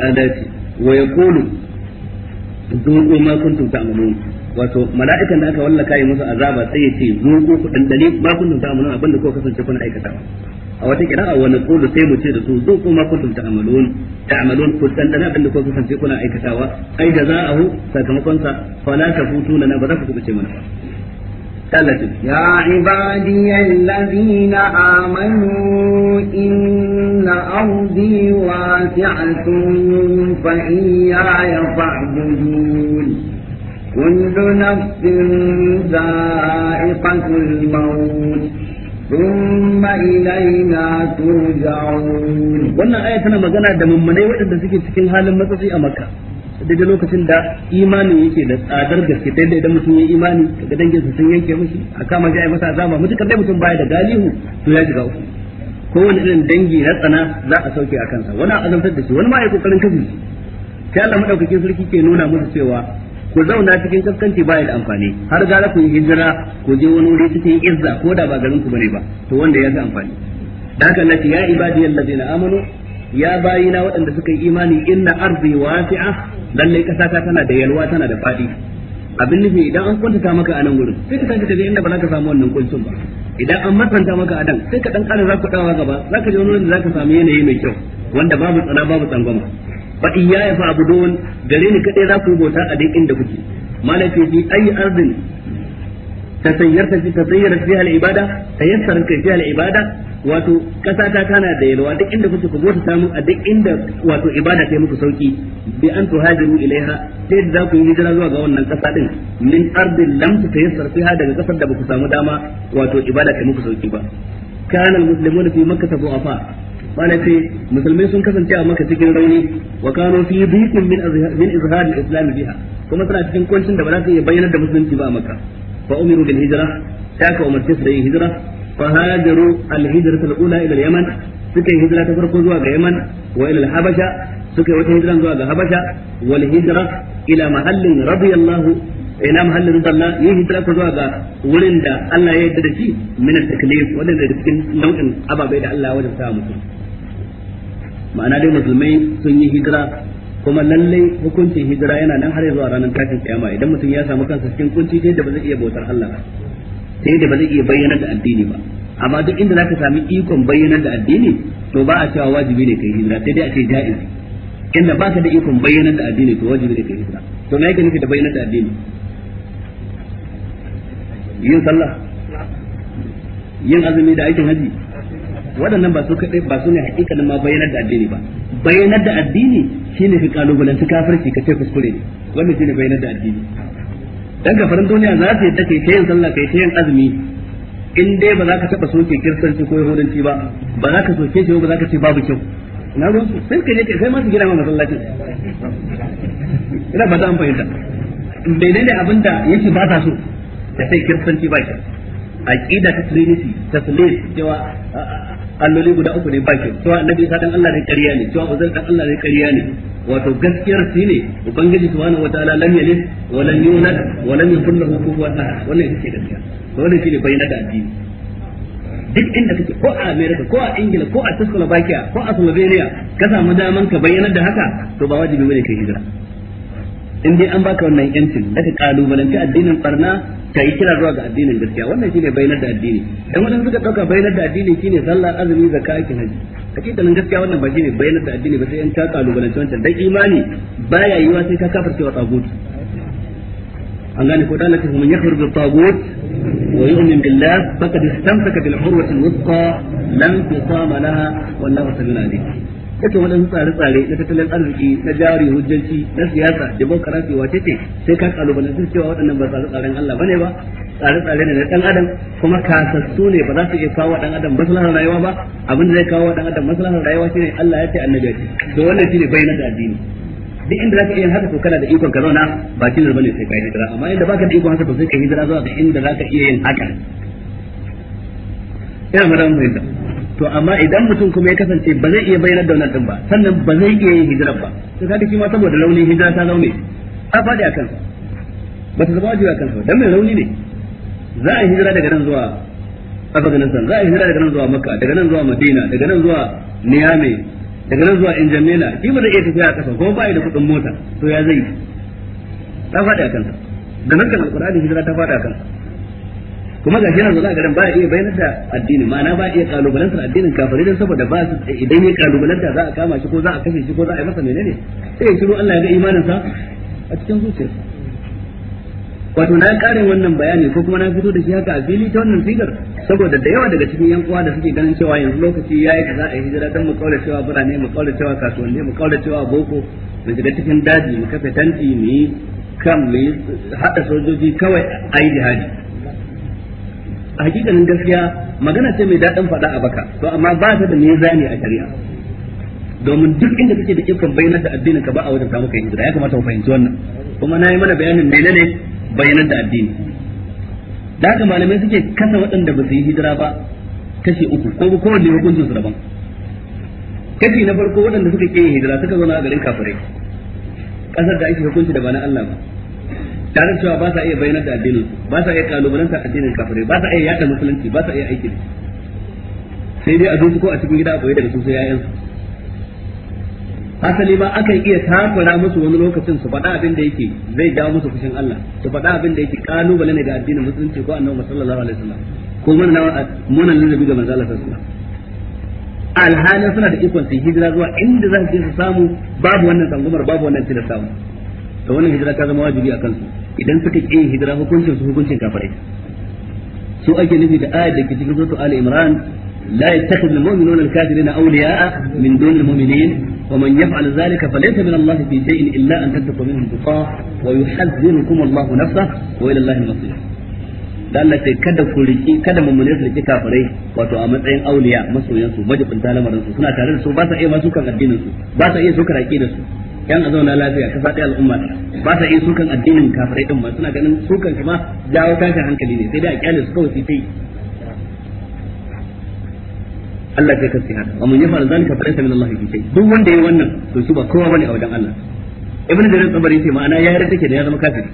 wa yaqulu ma kuntum ta'malun wato mala'ikan da aka wallaka yi musu azaba sai ya ce ko ku dandane ba kun ta amana abinda ko kasance kuna aikata a wata a wa naqulu sai mu ce da su zuku ma kuntum ta'malun ta'malun ku dandane abinda ko kasance kuna aikatawa ai jaza'ahu sakamakon sa fala tafutuna na ba za ku kuce mana ya يا عبادي الذين آمنوا إن أرضي واسعة فإياي فاعبدون كل نفس ذائقة الموت ثم إلينا ترجعون wannan aya tana magana da mummunai waɗanda suke cikin halin matsatsi a makka daga lokacin da imani yake da tsadar gaske da idan mutum ya imani daga dangin su sun yanke mushi. a kama ga masa azaba mutukar dai mutum baya da galihu to ya shiga uku kowane irin dangi na tsana za a sauke a kansa wani azantar da shi wani ma ya kokarin kafi sai Allah madaukakin sarki ke nuna musu cewa ku zauna cikin kaskanci baya da amfani har gara ku yi hijira ku je wani wuri cikin izza ko da ba garin ku bane ba to wanda ya ga amfani da haka ya ibadi allazina amanu ya bayina waɗanda suka yi imani inna ardi wasi'a lalle ta tana da yalwa tana da fadi abin nufi idan an kwantata maka a nan gurin sai ka tafi inda ba za ka samu wannan kuncin ba idan an matsanta maka a dan sai ka ɗan ƙara za ku dawa gaba za ka je wani wanda za ka samu yanayi mai kyau wanda babu tsana babu tsangwama fa iyaya fa wani gare ni kadai za ku bauta a duk inda kuke malaka fi ayi ardin ta fi tasayyara fiha al-ibada kai fi hali ibada wato kasa ta kana da yalwa duk inda kuke ku bauta samu a duk inda wato ibada ta muku sauki bi an hajiru ilaiha sai da ku yi hijira zuwa ga wannan kasa din min ardin lam tayassar ha daga kasar da baku samu dama wato ibada ta muku sauki ba kana al-muslimuna fi makkah du'afa قال في مسلمين سن كسن تيا مكة تكين روني وكانوا في ضيق من من إظهار الإسلام فيها كما سنة تكين كون سن دبلا في بيان المسلمين تبا مكة فأمروا بالهجرة تاك أمر تسر هجرة فهاجروا الهجرة الأولى إلى اليمن سكي هجرة تفرقوا زوا اليمن وإلى الحبشة سكي وتهجرة هجرة زوا الحبشة والهجرة إلى محل رضي الله ina mahallin rida Allah yin hijira ta zuwa ga wurin da Allah ya yarda da shi min at-taklif wanda da cikin nau'in ababai da Allah wajen sa mutum ma'ana dai musulmai sun yi hijira kuma lallai hukuncin hijira yana nan har zuwa ranar tashin kiyama idan mutum ya samu kansa cikin kunci sai da ba zai iya bautar Allah ba sai da ba zai iya bayyana da addini ba amma duk inda zaka sami ikon bayyana da addini to ba a cewa wajibi ne kai hijira sai dai a ce ja'iz inda ba ka da ikon bayyana da addini to wajibi ne kai hijira to me yake nufi da bayyana da addini yin sallah yin azumi da aikin haji waɗannan ba su kaɗai ba su ne hakikanin ma bayanar da addini ba bayanar da addini shine ka kalubalanci kafirci ka ce kuskure ne wannan shine bayanar da addini dan gafarin duniya za ta yadda kai ta yin sallah kai ta yin azumi in dai ba za ka taɓa soke kiristanci ko yahudanci ba ba za ka soke shi ba za ka ce babu kyau na ruwan su sai ka je sai ma su gina ma masallaci ina ba ta an fahimta menene abin da yake ba ta so ka sai kiristanci ba ki aqida ta trinity taslim cewa alloli guda uku ne ba shi cewa annabi isa dan Allah ne kariya ne cewa uzair dan Allah ne kariya ne wato gaskiyar shi ne ubangiji subhanahu wataala lam yalid wa lam yulad wa lam yakul lahu kufuwan ahad wannan ita ce gaskiya to wannan shine bayyana da addini duk inda kake ko a America ko a Ingila ko a bakiya ko a Slovenia ka samu daman ka bayyana da haka to ba wajibi bane kai hijira in dai an baka wannan yancin da ka kalubalanci addinin barna ka yi kira zuwa ga addinin gaskiya wannan shine bayanar da addini dan wannan suka dauka bayanar da addini shine sallah azumi zakka aikin haji hakika nan gaskiya wannan ba shine bayanar da addini ba sai an ta kalubalance wancan dan imani baya yiwa sai ka kafirce wa tagut an gane ko dan lakin mun yakfur bi tagut wa yu'min billah faqad istamsaka bil urwati al-wuthqa lam tusama laha wallahu sabila alayhi yace wadansu tsare-tsare na tattalin arziki na jari hujjanci na siyasa demokarasi wace ce sai ka kalubalantar cewa waɗannan ba tsare-tsaren Allah bane ba tsare-tsare ne na dan adam kuma kasassu ne ba za su iya kawo dan adam maslahar rayuwa ba abin da zai kawo dan adam maslahar rayuwa shine Allah ya ce annabi ya ce to wannan shine bayyana da addini duk inda zaka iya haka to kana da ikon ka zauna ba kin tilar ne sai kai hijira amma inda baka da ikon haka to sai ka hijira zuwa ga inda zaka iya yin haka ina madan mai to amma idan mutum kuma ya kasance ba zai iya bayyana da wannan din ba sannan ba zai iya yin hijira ba to kaga shi ma saboda launin hijira ta launi ta faɗi akan ba ta zama jiya akan sa dan mai rauni ne za a hijira daga nan zuwa Afghanistan za a hijira daga nan zuwa Makka daga nan zuwa Madina daga nan zuwa Niamey daga nan zuwa injamela shi ba zai iya tafiya a kasa ko ba da kuɗin mota to ya zai ta faɗi akan sa da nan kan alqur'ani hijira ta faɗi akan sa kuma ga shi nan ga dan ba iya bayyana da addini ma'ana ba iya kalubalantar addinin kafirai dan saboda ba su idan ya kalubalanta za a kama shi ko za a kashe shi ko za a yi masa menene sai ya shiru Allah ya ga imanin sa a cikin zuciyarsa wato na karin wannan bayani ko kuma na fito da shi haka a fili ta wannan sigar saboda da yawa daga cikin yan uwa da suke ganin cewa yanzu lokaci ya yi za a yi hijira dan mu kaura cewa burane mu kaura cewa kasuwanni mu kaura cewa boko mu shiga cikin daji mu kafe tanti mu yi kan mu haɗa sojoji kawai a yi jihadi a hakikanin gaskiya magana ce mai daɗin faɗa a baka to amma ba ta da mizani a shari'a domin duk inda kake da ikon bayyana da addinin ka ba a wajen samu kai hijira ya kamata mu fahimci wannan kuma na yi mana bayanin menene bayyanar da addini da haka malamai suke kasa waɗanda ba su yi hijira ba kashi uku ko kowanne hukuncin su daban kashi na farko waɗanda suka ke hijira suka zauna a garin kafirai ƙasar da ake hukunci da ba na Allah ba tare cewa ba sa iya bayyana da addinin ba sa iya kalubalanta addinin kafirai ba sa iya yada musulunci ba sa iya aiki sai dai a zo ko a cikin gida a koyi daga sun sai yayan asali ba akan iya takura musu wani lokacin su faɗa abin da yake zai jawo musu fushin Allah su faɗa abin da yake kalubale ne ga addinin musulunci ko annabi sallallahu alaihi wasallam ko mun nan mun nan da ga manzo Allah sallallahu alaihi wasallam alhalin suna da ikon su hijira zuwa inda za su samu babu wannan tsangumar babu wannan tilasta to wannan hijira ta zama wajibi a kansu idan suka ƙi hijira hukuncin su hukuncin kafirai su ake nufi da ayat da ke cikin suratul ali imran la yattakhidhu al-mu'minuna al-kafirina awliya'a min duni al-mu'minin wa man yaf'al dhalika falaysa min Allah fi shay'in illa an tattaqu minhum tuqa wa yuhadhdhirukum Allah nafsahu wa ila Allah al-masir da Allah sai kada ku riki kada mu mulki riki kafirai wato a matsayin auliya masoyan su majibin lamarin su suna tare da su ba sa iya masu kan addinin su ba sa iya su karaki da su yan a zauna lafiya ta faɗi al'umma ba sa yin sukan addinin kafirai din ba suna ganin sukan shi ma jawo tashin hankali ne sai dai a kyale su kawai su yi Allah ya kasance haka wa mun fara zalika fa laysa min Allah fi shay duk wanda yayi wannan to shi ba kowa bane a wajen Allah ibnu jarir tsabari ce ma'ana ya yarda take da ya zama kafiri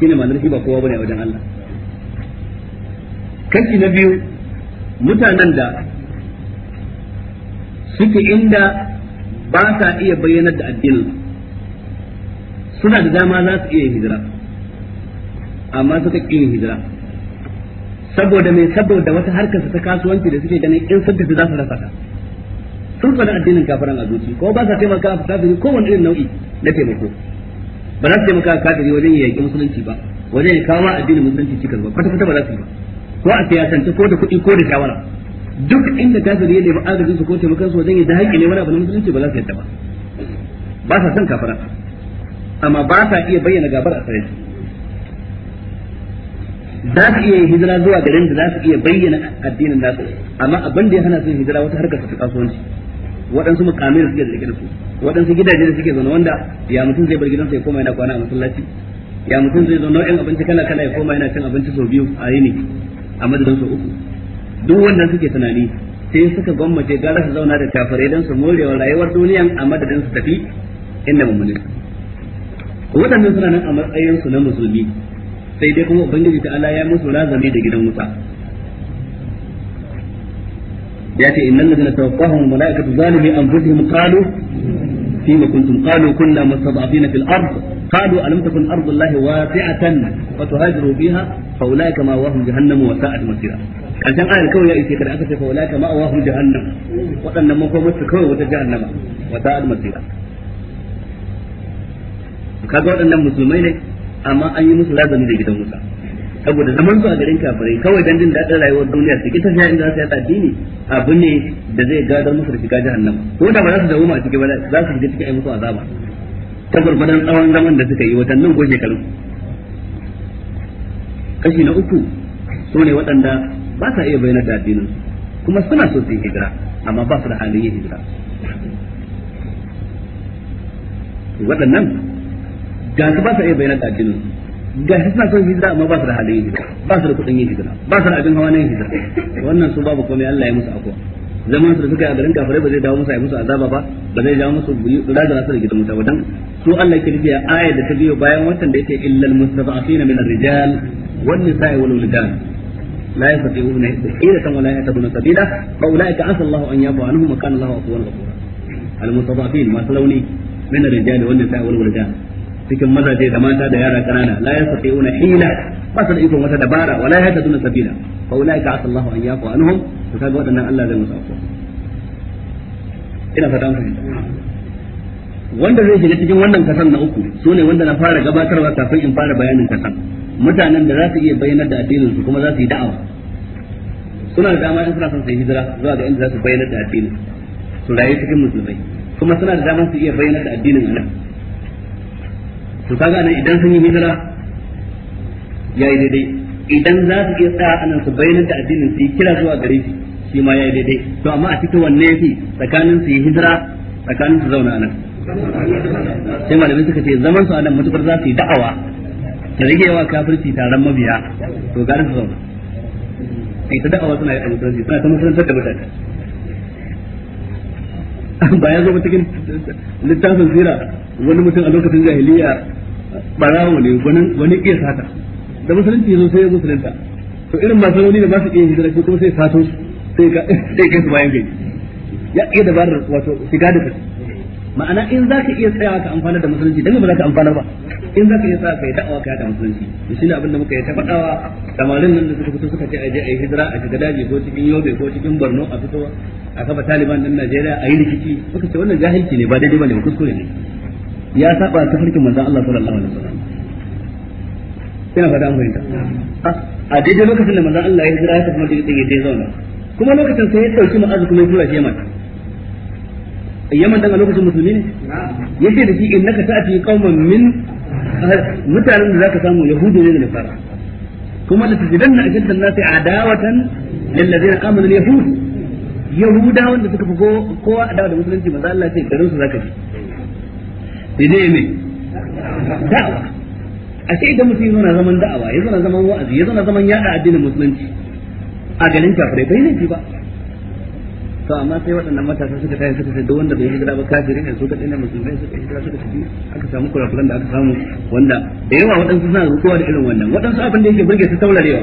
shine ma'anar shi ba kowa bane a wajen Allah kanki na biyu mutanen da suke inda ba sa iya bayyanar da addinin suna da dama za su iya hijira amma suka ƙi yin hijira saboda mai saboda wata harkar ta kasuwanci da suke ganin in sun tafi za su rasa ta sun faɗi addinin kafiran a zuci ko ba sa taimaka a kafiri wani irin nau'i na taimako ba za su taimaka a kafiri wajen ya yaƙi musulunci ba wajen ya kawo addinin musulunci cikin ba kwata-kwata ba za su yi ba ko a siyasance ko da kuɗi ko da shawara duk inda kafiri ya nemi agajin su ko taimakon su wajen yadda haƙƙi ne wani abu na musulunci ba za su yadda ba ba sa san kafara amma ba sa iya bayyana gabar a sarari za su iya hijira zuwa garin da za su iya bayyana addinin nasu amma abin da ya hana su hijira wata harkar su ta kasuwanci waɗansu mukamai da suke da su waɗansu gidaje da suke zaune wanda ya mutum zai bar gidansa ya koma yana kwana a masallaci ya mutum zai zo nau'in abinci kala kala ya koma yana cin abinci sau biyu a yini a madadin sau uku duk wannan suke tunani sai suka gwammace gara su zauna da kafirai don su morewa rayuwar duniya a madadin su tafi inda mummuni waɗannan suna nan a matsayin su na musulmi sai dai kuma ubangiji ta Allah ya musu razami da gidan wuta ya ce innal ladina tawaffahum malaikatu zalimi anfusihim qalu fima kuntum qalu kunna mustad'afina fil ard قالوا ألم تكن أرض الله واسعة فتهاجروا بها فأولئك مأواهم جهنم وساءت مصيرا عشان آية الكون يأتي كده أكثر فأولئك مأواهم جهنم وأن من قوم السكون وتجهنم وساءت مصيرا kaga waɗannan musulmai ne amma an yi musu lazami da gidan Musa saboda zaman zuwa garin kafirai kawai dan jin daɗin rayuwar duniya su kita sai da za su addini abu ne da zai gadar musu da shiga jahannama ko da ba za su dawo a cikin ba za su shiga cikin ayyukan azaba ta gurbadan tsawon zaman da suka yi watannin ko shekaru kashi na uku su ne waɗanda ba sa iya bayyana da addinin kuma suna so su yi hijira amma ba su da halin yin hijira waɗannan ga su ba sa iya bayyana da addinin ga su suna son hijira amma ba su da halin yin hijira ba su da kuɗin yin hijira ba su da abin hawa na yin hijira wannan su babu komai Allah ya musu akwai zaman su da suka yi a garin kafirai ba zai dawo musu a musu azaba ba ba zai dawo musu razana su da gidan musa wadan su Allah ke rufe ayar da ta biyo bayan watan da yake illal mustada'afina min ar-rijal wan nisa'i wal wildan wala يستطيعون حيلة ولا يهتدون cikin mazaje da mata da yara kanana la yastati'una hila ba su da ikon wata dabara wala yahtaduna sabila fa ulaika asallahu an yafu anhum to kaga wadannan Allah zai musu afwa ina fata muku wanda zai shiga cikin wannan kasan na uku sune wanda na fara gabatarwa kafin in fara bayanin kasan mutanen da za su iya bayyanar da addinin su kuma za su yi da'awa suna da dama in suna son su yi hijira zuwa ga inda za su bayyanar da addinin su rayu cikin musulmai kuma suna da dama su iya bayyanar da addinin a to kaga nan idan sun yi hijira yayi daidai idan za su iya tsaya anan su bayyana da addinin su kira zuwa gare shi shi ma yayi daidai to amma a cikin wanne yafi tsakanin su yi hijira tsakanin su zauna nan sai malamai suka ce zaman su anan mutubar za su yi da'awa ta rage yawa kafirci taron mabiya to gara su zauna ta da'awa suna yi a musulunci suna ta musulantar da mutane bayan zo cikin littafin sira wani mutum a lokacin jahiliya barawo ne wani iya sata da musulunci zo sai ya sulunta to irin masu rauni da masu iya hijira ko kuma sai sato sai ka sai kai su bayan gari ya iya dabarar wato shiga da kaci ma'ana in za ka iya tsayawa ka amfana da musulunci dan ba za ka amfana ba in za ka iya tsayawa ka yi da'awa ka yada musulunci to shine abin da muka yi ta faɗawa samarin nan da suka fito suka ce a je a yi hijira a shiga daji ko cikin yobe ko cikin borno a fito a kafa taliban din najeriya a yi rikici suka ce wannan jahilci ne ba daidai ba ne ba kuskure ne ya saba ta farkin manzon Allah sallallahu alaihi wasallam ina fada mu fahimta a daidai lokacin da manzon Allah ya jira ya tafi madina ya je zauna kuma lokacin sai ya dauki mu'azu kuma ya tura shi Yaman Yaman dan a lokacin musulmi ne yace da shi innaka ta'ti qauman min mutanen da zaka samu yahudu ne da fara. kuma da tajidanna ajaddan nasi adawatan lil ladina amanu yahud yahudawan da suka fi kowa adawa da musulunci manzo Allah ya sai garin su zaka ji sai dai da'awa a sai idan mutum yana zaman da'awa ya zana zaman wa'azi ya zana zaman yada addinin musulunci a garin kafirai bai laifi ba to amma sai waɗannan matasa suka tayar suka sai wanda bai hijira ba kafirin ne su ka dina musulmai suka hijira suka tafi aka samu kurakuran da aka samu wanda da yawa waɗansu suna rukuwa da irin wannan waɗansu abin da yake burge su taularewa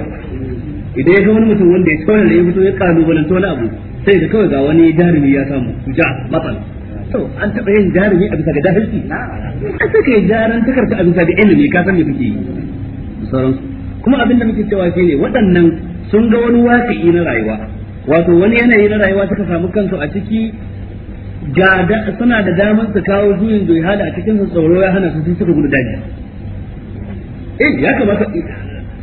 idan ya ga wani mutum wanda ya taurare ya fito ya kalubalanta wani abu sai da kawai ga wani jarumi ya samu ja matsala an taɓa yin jarumi a bisa ga jahilci an saka yi jaran takarta a bisa ga ilimi ka san yi sauransu kuma abin da muke cewa ne waɗannan sun ga wani waƙi na rayuwa wato wani yanayi na rayuwa suka samu kansu a ciki ga suna da damar su kawo juyin zuwa hada a cikin su tsoro ya hana su sun suka gudu daji eh ya kamata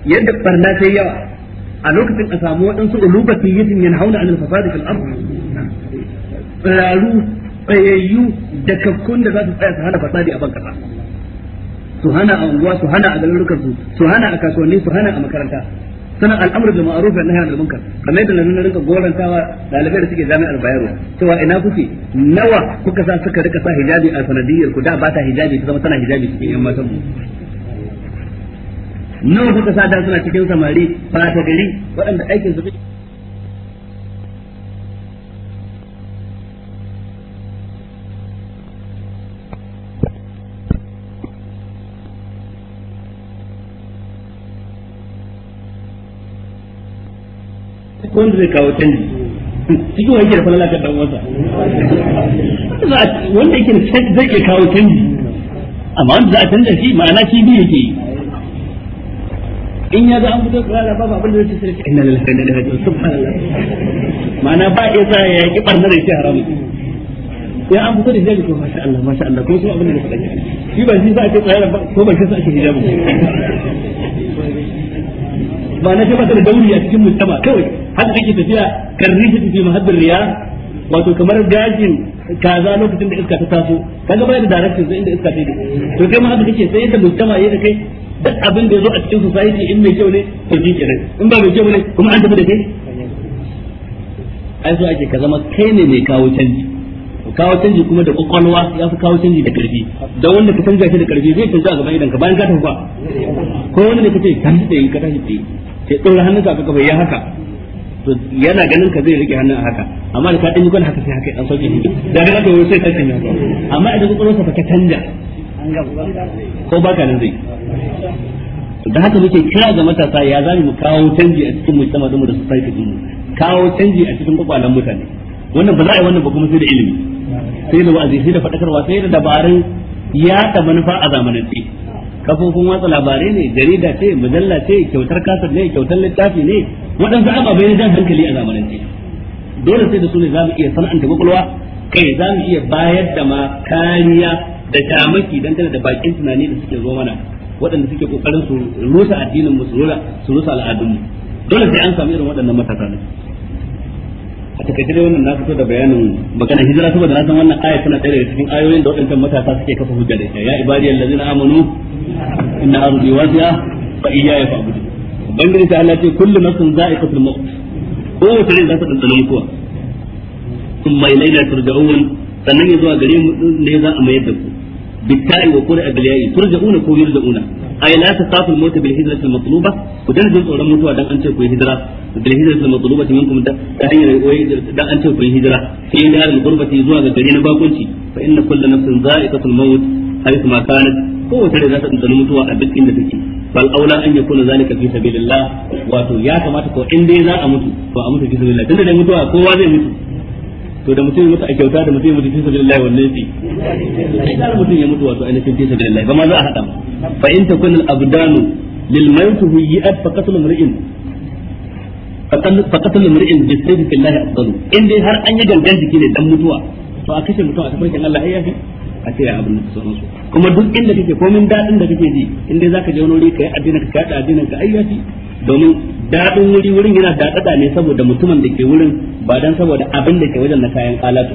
yadda barna sai yawa a lokacin a samu waɗansu ulubatin yin yana hauna anil fasadi fil ardh tsayayyu da kakkun da za su tsaya su hana fasadi a ban kasa su hana a unguwa su hana a garurukan su su hana a kasuwanni su hana a makaranta sanan al'amru bil ma'ruf wa nahyi anil munkar kamar yadda nan rinka gorantawa dalibai da suke jami'ar Bayero cewa ina kuke nawa kuka sa suka rika sa hijabi a sanadiyar ku da ba ta hijabi ta zama tana hijabi cikin yan matan mu nawa kuka sa da suna cikin samari ba ta gari waɗanda aikin su wanda zai kawo canji cikin wani da falala kan wanda yake zai kawo canji amma wanda za a shi ma'ana shi biyu yake in ya an fito babu abin da zai sai subhanallah ma'ana ba ya sa ya barna da shi haramu ya an fito da ko masha Allah masha Allah ko kuma abin da shi ba shi sa ake ba ko ba shi sa ake hijabu ba na ba da dauri a cikin mutaba kawai haka kake tafiya kan rihi fi mahabbir riya wato kamar gajin kaza lokacin da iska ta taso kaga bai da direction sai inda iska ta yi to kai ma haka kake sai da mujtama yayi da kai duk abin da yazo a cikin society in mai kyau ne to ji kenan in ba mai kyau ne kuma an tafi da kai ai so ake ka zama kai ne mai kawo canji kawo canji kuma da kwakwalwa ya fi kawo canji da karfi don wanda ka canja shi da karfi zai canja a gaban idan ka bayan ka tafi ko wanda ne kace kan da yin ka tafi sai tsoron hannunka ka kafa ya haka to yana ganin ka zai rike hannun haka amma da ka dan yi gwan haka sai haka dan sauke shi da ga haka sai sai ya amma idan kokolwarsa ba ka canja ko ba ka nan zai da haka muke kira ga matasa ya zani mu kawo canji a cikin da mu da society din mu kawo canji a cikin kwakwalen mutane wannan ba za a yi wannan ba kuma sai da ilimi sai da wa'azi sai da fadakarwa sai da dabarun ya ta manufa a zamanance kafofin watsa labarai ne jarida ce mujalla ce kyautar kasar ne kyautar littafi ne waɗansu ababai na jan hankali a zamanance dole sai da su ne za mu iya sana'anta kwakwalwa kai za mu iya bayar da ma kariya da shamaki tana da bakin tunani da suke zo mana waɗanda suke kokarin su rusa addinin mu su rusa al'adunmu dole sai an samu irin waɗannan matasa ne takaice da wannan na fito da bayanin magana hijira saboda na san wannan aya tana tsere daga cikin ayoyin da waɗancan matasa suke kafa hujja da ita ya ibadi allazina amanu inna ardi wasi'a fa iyaya fa'budu bangare ta Allah ce kullu nafsin za'iqatul maut ko wata ne za ta dandana mutuwa kuma ilaina turja'un sannan yazo a gare mu ne za a mayar da ku بالتاء وقرئ بالياء ترجعون كو يرجعون أي لا تخافوا الموت بالهجرة المطلوبة ودن جزء ولم موتوا دان أنت كو هجرة بالهجرة المطلوبة منكم تهين دان أنت كو هجرة في دار الغربة زوا غرين باكونتي فإن كل نفس ذائقة الموت حيث ما كانت هو ترى ذات أنت الموتوا أبد إن تكي بل أولى أن يكون ذلك في سبيل الله واتو يا كما تكو إن دي ذا أموتوا فأموتوا في سبيل الله تندى موتوا كو واضح موتوا to da mutum ya mutu a kyauta da mutum ya mutu fi sabilillah wannan yafi ai da mutum ya mutu wato ainihin fi sabilillah ba ma za a hada ba fa in takun al abdanu lil mayt huyiat fa qatl mar'in fa qatl mar'in bi sayfi fillah afdalu in dai har an yi dangan jiki ne dan mutuwa to a kace mutum a tafarkin Allah ai yafi a ce abin da su kuma duk inda kake komin daɗin da kake ji in dai zaka je wani wuri ka yi addinin ka kaɗa addinin ka ayyafi domin daɗin wuri wurin yana daɗaɗa ne saboda mutumin da ke wurin ba dan saboda abin da ke wajen na kayan alatu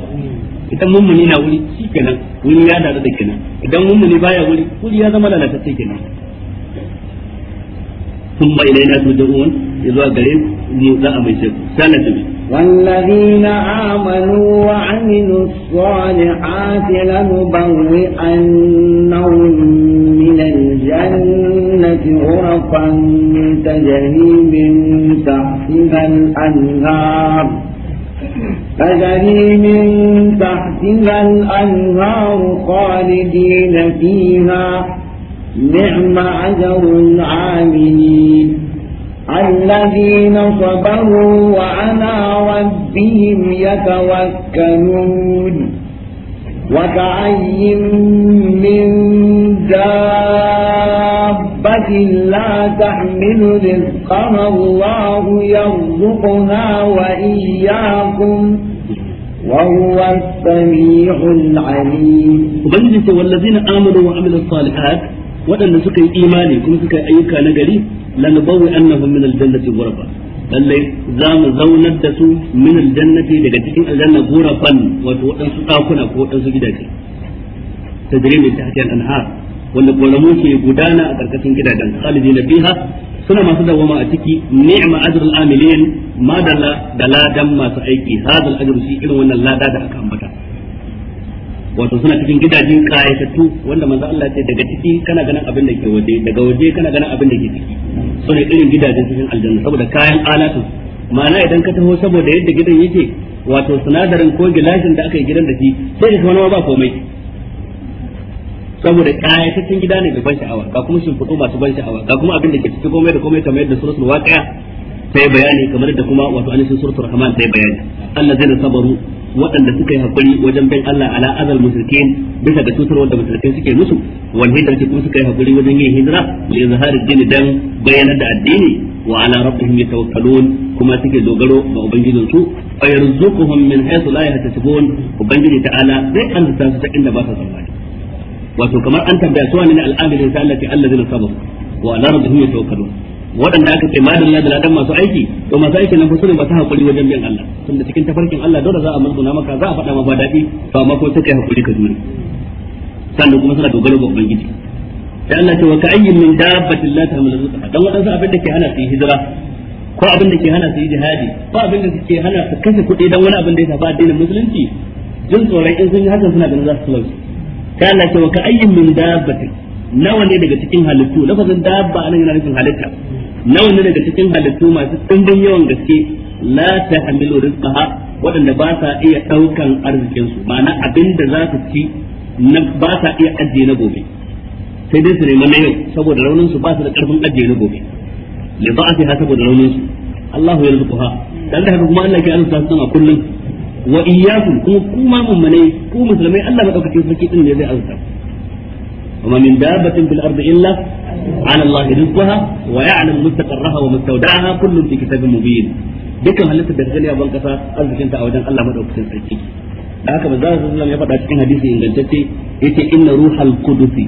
idan mummuni na wuri shi kenan wuri ya daɗa da kenan idan mummuni baya wuri wuri ya zama lalatacce kenan ثم إلينا ترجعون إذا قريب مو ذا أمي شيخ سنة والذين آمنوا وعملوا الصالحات لنبوئنهم من الجنة غرفا تجري من تحتها الأنهار تجري من تحتها الأنهار خالدين فيها نعم أجر العاملين الذين صبروا وعلى ربهم يتوكلون وكأي من دابة لا تحمل رزقها الله يرزقها وإياكم وهو السميع العليم وبين والذين آمنوا وعملوا الصالحات waɗanda suka yi imani kuma suka yi ayyuka na gari lanabawwi annahum min aljannati ghurfa lallai za mu zaunar da su min aljannati daga cikin aljanna ghurfan wato waɗansu ɗakuna ko waɗansu gidaje tajri min tahtiha anhar wanda ƙoramu ke gudana a ƙarƙashin gidajen khalidina biha suna masu dawama a ciki ni'ma ajrul amilin madalla da ladan masu aiki hadal ajru shi irin wannan lada da aka ambata wato suna cikin gidaje kayatattu wanda manzo Allah ce daga ciki kana ganin abin da ke waje daga waje kana ganin abin da ke ciki suna irin gidajen cikin aljanna saboda kayan alatu ma'ana idan ka taho saboda yadda gidan yake wato sinadarin ko gilashin da aka yi gidan da shi sai ka wani ba komai saboda kayataccen gida ne da ban sha'awa ga kuma shimfiɗu masu ban sha'awa ga kuma abin da ke cikin komai da komai kamar yadda suratul waqi'a sai bayani kamar da kuma wato anishin suratul rahman sai bayani allah allazina sabaru waɗanda suka yi hakuri wajen bin Allah ala azal musulkin bisa ga tutar wanda mushrikai suke musu wal hijra kuma suka yi hakuri wajen yin hijira li izhari din dan bayyana da addini wa ala rabbihim yatawakkalun kuma suke dogaro ga ubangijin su fa yarzuquhum min haythu la yahtasibun ubangiji ta'ala zai alzata su ta inda ba sa tsammani wato kamar an tambaya su wani ne al'amirin ta Allah ke allah allazina sabaru wa ala rabbihim yatawakkalun waɗanda aka ce madin la ladan masu aiki to masu aiki nan fasu ne masu hakuri wajen bin Allah tunda cikin tafarkin Allah dole za a murguna maka za a faɗa ma ba daɗi to amma ko take hakuri ka jure sannan kuma suna dogaro ga ubangiji sai Allah ce wa ka ayyin min dabbatin la tahmilu rizqaha dan wadansu abin da ke hana su hijira ko abin da ke hana su jihadi ko abin da ke hana su kashe kuɗi dan wani abin da ya shafi addinin musulunci jin tsoron in sun yi hakan suna ganin za su talauci sai Allah ce wa ka ayyin min dabbatin nawa ne daga cikin halittu lafazin dabba anan yana nufin halitta nawa ne daga cikin halittu masu tsindin yawan gaske la ta hamilu rizqaha waɗanda ba sa iya ɗaukan arzikin su ma'ana abin da za su ci na ba sa iya ajiye na gobe sai dai su nemi na yau saboda raunin su ba su da karfin ajiye na gobe li ba'atiha saboda raunin su Allahu yarzuquha dan da haka kuma Allah ke ansa su a kullum wa iyyakum kuma kuma mun mane ku musulmai Allah madaukakin sarki din ne zai azza وما من دابة في الأرض إلا على الله رزقها ويعلم مستقرها ومستودعها كل في كتاب مبين dukkan halitta da gani a kasa arzikin ta a wajen Allah madaukakin sarki da haka manzo sallallahu ya faɗa cikin hadisi ingantacce yace inna ruhal qudusi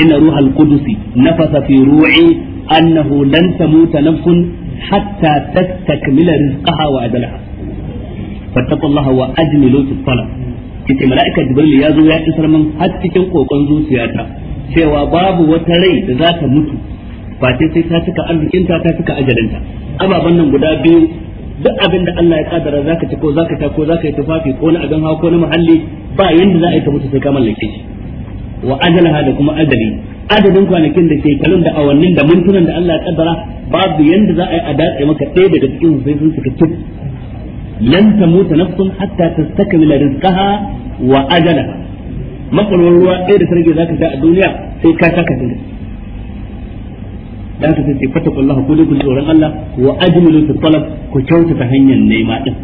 inna ruhal qudusi nafasa fi ru'i annahu lan tamuta nafsun hatta tastakmila rizqaha wa adalaha fattaqullaha wa ajmilu fi talab yace mala'ika jibril ya zo ya isar min har cikin kokon zuciyata cewa babu wata rai da za ta mutu ba sai sai ta cika arzikinta ta cika ajalinta ababen nan guda biyu duk abin da Allah ya kadara zaka ci ko zaka ta ko zaka yi tufafi ko na abin hawa ko na muhalli ba yanda za a yi ta mutu sai ka mallake shi wa ajalaha da kuma ajali adadin kwanakin da shekarun da awannin da mintunan da Allah ya kadara babu yanda za a yi a datse maka ɗaya daga cikin sai sun suka lan tamuta nafsun hatta tastakmila rizqaha wa ajalaha makwalwar ruwa ɗaya da sarki zaka sha a duniya sai ka sha ka dinga da haka sai ce fatakullahu ku dukkan tsoron Allah wa ajmilu fi talab ku kyautata hanyar nema din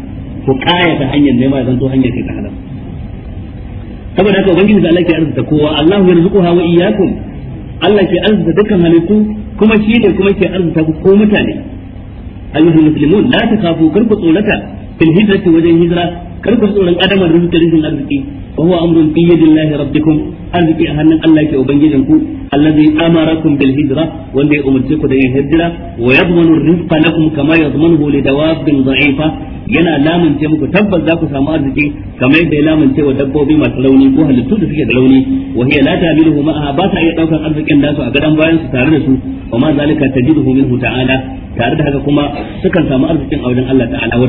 ku ta hanyar nema zan zo hanyar kai ta halal saboda haka ubangiji da Allah ke arzuta kowa Allahu yarzuquha wa iyyakum Allah ke arzuta dukkan halittu kuma shi ne kuma ke arzuta ku ko mutane ayyuhal muslimun la takafu karku ku tsorata fil hijrati wajen hijira kar ku tsoron adamar rizqi rizqin arziki wa huwa amrun fi yadillahi rabbikum arziki a hannun Allah ke ubangijin ku allazi amarakum bil hijra wanda ya umurce ku da yin hijira wa yadmanu rizqa lakum kama yadmanuhu li dawabbin dha'ifa yana lamunce muku tabbas za ku samu arziki kamar yadda ya lamunce wa dabbobi masu launi ko halittu da suke da launi wa hiya la ta'miluhu ma'aha ba ta iya daukar arzikin nasu a gadan bayan su tare da su wa ma zalika tajiduhu minhu ta'ala tare da haka kuma sukan samu arzikin a wajen Allah ta'ala wa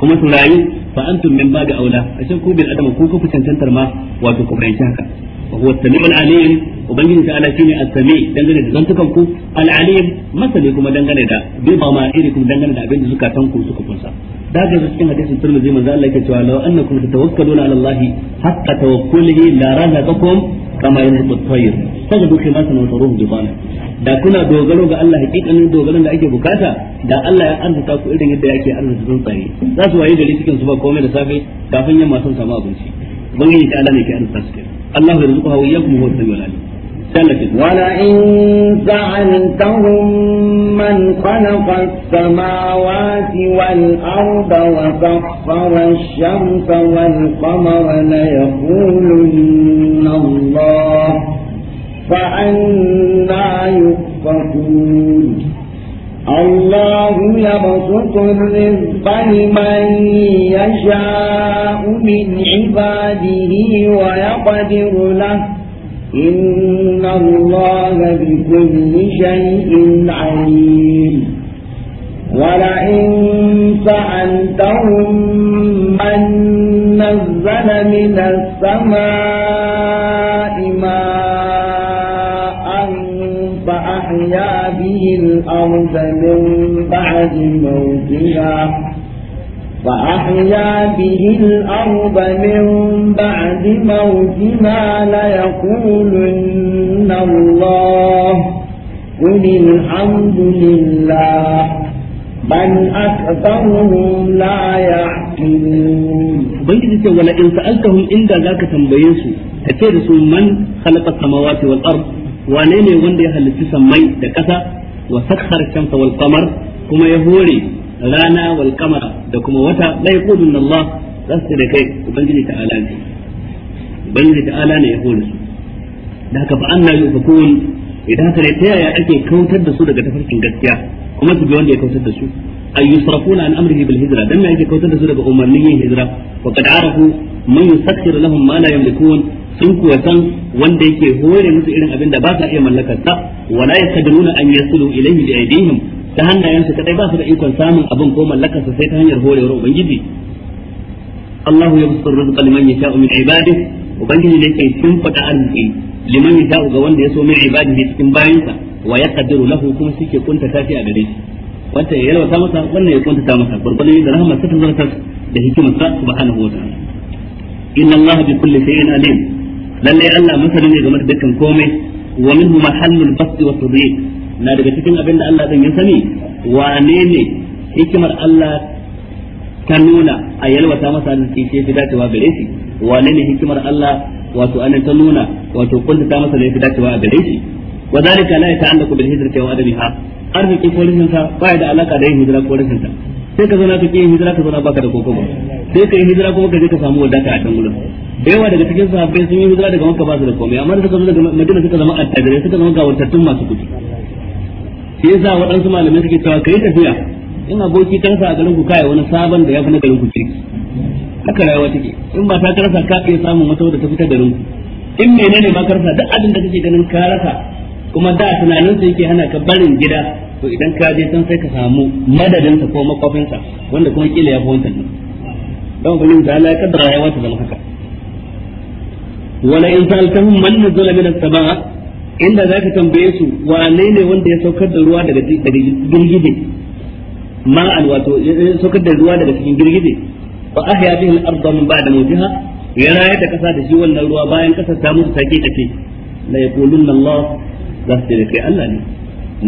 kuma su rayu fa antum min ba'da aula ashe ku bil adama ku ku cancantar ma wato ku bayyana haka وهو السميع العليم وبنجي تعالى شيني السميع دنجني دا زنتكم كو العليم مثلي كما دنجني دا بضمائركم دنجني دا بين زكاتكم كو سكفنسا da ga cikin hadisin Tirmidhi manzo Allah yake cewa law annakum tatawakkaluna ala Allah haqqa tawakkulihi la razaqakum kama yanzu tayr kaga duk ma sanan tsaruhu dubana da kuna dogaro ga Allah hakikanin dogaron da ake bukata da Allah ya arzuta ku irin yadda yake arzuta tsuntsaye za su waye gari cikin su ba komai da safe kafin yamma sun samu abinci ubangiji ta Allah ne ke arzuta su الله يرزقها وإياكم وهو السميع العليم ولئن سألتهم من خلق السماوات والأرض وسخر الشمس والقمر ليقولن الله فأنا يؤفكون الله يبسط الرزق لمن يشاء من عباده ويقدر له إن الله بكل شيء عليم ولئن سألتهم من نزل من السماء الأرض من بعد موتها فأحيا به الأرض من بعد موتها ليقولن الله قل الحمد لله بل أكثرهم لا يعقلون بيجي ولئن سألتهم إن ذاك تنبيسوا كثير من خلق السماوات والأرض wane ne wanda ya halitta sammai da ƙasa wa sakhkhara ash-shamsa wal qamar kuma ya hore rana wal qamara da kuma wata la yaqudun Allah zasu da kai ubangiji ta'ala ne ubangiji ta'ala ne ya hore su da haka fa anna yufakun idan haka ne ta yaya ake kautar da su daga tafarkin gaskiya kuma su bi wanda ya kautar da su ay yusrafuna an amrihi bil dan ake kautar da su daga umarnin yin hijra wa arafu man yusakhiru ma sun kuwa san wanda yake hore musu irin abin da ba sa iya mallakar sa wala yastadruna an yasulu ilayhi bi aydihim ta hannayensu kadai ba su da ikon samun abin ko mallakar sa sai ta hanyar horewar ubangiji Allahu yabsur rizqa liman yasha'u min ibadihi ubangiji ne yake sun fada arziki liman yasha'u ga wanda ya so min ibadihi cikin bayansa wa yaqdiru lahu kuma suke kunta tafi a gare shi wanda ya yalwata masa wannan ya kunta ta masa gurgurdan da rahmar sa ta zartar da hikimar sa subhanahu wa ta'ala inna allaha bi kulli shay'in alim lalle Allah masani ne game da dukkan komai wa minhu mahallul basti wa tadriq na daga cikin abin da Allah din ya sani wane ne hikimar Allah ta nuna a yalwata masa da shi gare shi wane ne hikimar Allah wato an ta nuna wato kunta ta masa da gare shi la bil hijrati wa adamiha arziki ko da alaka da hijira ko sai ka hijira ka baka da kokoba sai ka yi hijira kuma ka je ka samu wadata a can gurin da yawa daga cikin sahabbai sun yi hijira daga makka ba su da komai amma da suka zo daga madina suka zama attajirai suka zama gawatattun masu kuɗi shi yasa waɗansu malamai suke cewa kai tafiya in aboki karsa a garin ku kai wani sabon da ya fi na garin ku kirki haka rayuwa take in ba ta karsa ka iya samun wata wadda ta fita garin ku in menene ba karsa duk abin da kake ganin ka rasa kuma da tunanin sa yake hana ka barin gida to idan ka je san sai ka samu madadin sa ko sa wanda kuma kila ya fi wancan dan ubangiji ta Allah ya kaddara ta zama haka wala in sa'altahum man nazala min as-sama' inda zaka tambaye su wane ne wanda ya saukar da ruwa daga daga girgije ma al wato ya saukar da ruwa daga cikin girgije fa ahya bihi al-ardha min ba'da mawtiha ya rayar da kasa da shi wannan ruwa bayan kasar ta mutu take take la yaqulunna Allah za su ce kai Allah ne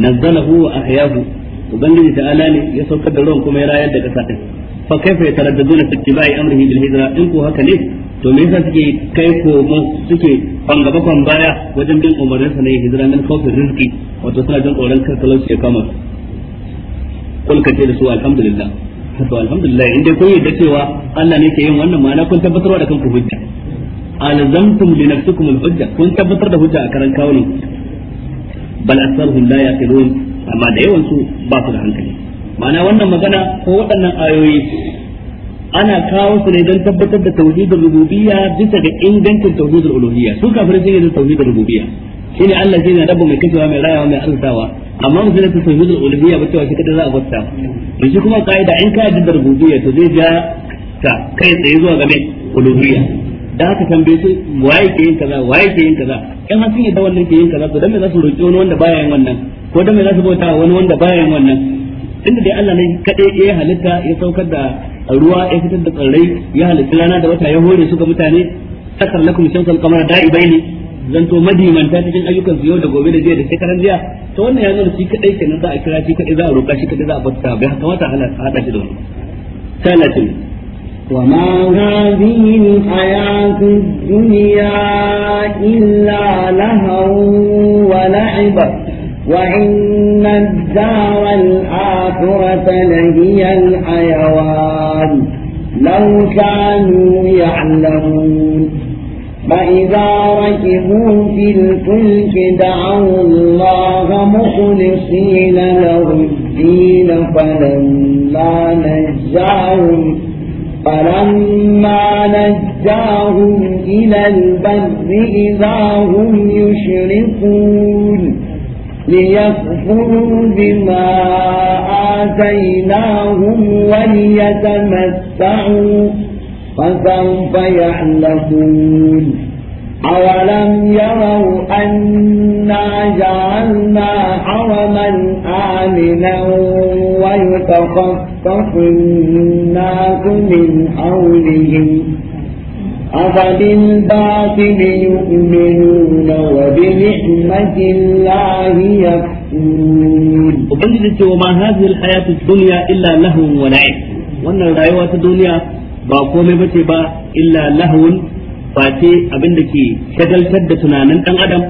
nazzalahu wa ahyahu ubangiji ta'ala ne ya saukar da ruwan kuma ya rayar da kasa din fa kaifa yataraddaduna fi ittiba'i amrihi bil hijra in ko haka ne to me yasa suke kai ko suke banga bakon baya wajen bin na ne hijira min kawfin rizqi wato suna jin tsoron kar talauci ya kama su kul kace da su alhamdulillah to alhamdulillah in dai kun da cewa Allah ne ke yin wannan ma'ana kun tabbatarwa da kanku hujja alzamtum li nafsikum al-hujja kun tabbatar da hujja a karan kawunan bal aktharuhum la yaqilun amma da yawan su ba su da hankali mana wannan magana ko waɗannan ayoyi ana kawo su ne don tabbatar da tauhidul rububiyya bisa ga ingancin tauhidul uluhiyya su kafir sun yi tauhidul rububiyya ne Allah shi ne rabu mai kashewa mai rayawa mai arzutawa amma mu zai tauhidul uluhiyya ba cewa shi kada za a bauta to shi kuma kaida in ka da rububiyya to zai ja ta kai tsaye zuwa ga mai uluhiyya da haka tambaye su waye ke yin kaza waye ke yin kaza in har sun da wannan ke yin kaza to dan me za su roki wani wanda baya yin wannan ko dan me za su bauta wani wanda baya yin wannan Inda dai Allah ne kadai ya halitta ya saukar da ruwa ya fitar da tsirrai ya halitta rana da wata ya hore su ga mutane sakar lakum shamsal qamara da'ibaini zanto madimanta cikin ayyukan su yau da gobe da jiya da shekaran jiya to wannan ya nuna shi kadai kenan za a kira shi kadai za a roka shi kadai za a bauta bai kamata a hada shi da wani sai Allah ya وما هذه الحياة الدنيا إلا لهو ولعب وإن الدار الآخرة لهي الحيوان لو كانوا يعلمون فإذا ركبوا في الفلك دعوا الله مخلصين له الدين فلما نجاهم فلما نجاهم إلى البر إذا هم يشركون ليكفروا بما آتيناهم وليتمتعوا فسوف يعلمون أولم يروا أنا جعلنا حرما آمنا ويتخطف الناس من حولهم أفبالباطل يؤمنون وبنعمة الله يكفرون وبنجد وما هذه الحياة الدنيا إلا لهو ولعب وأن الرأيوة الدنيا باقوم بتبا إلا لهو face abin da ke shagaltar da tunanin dan adam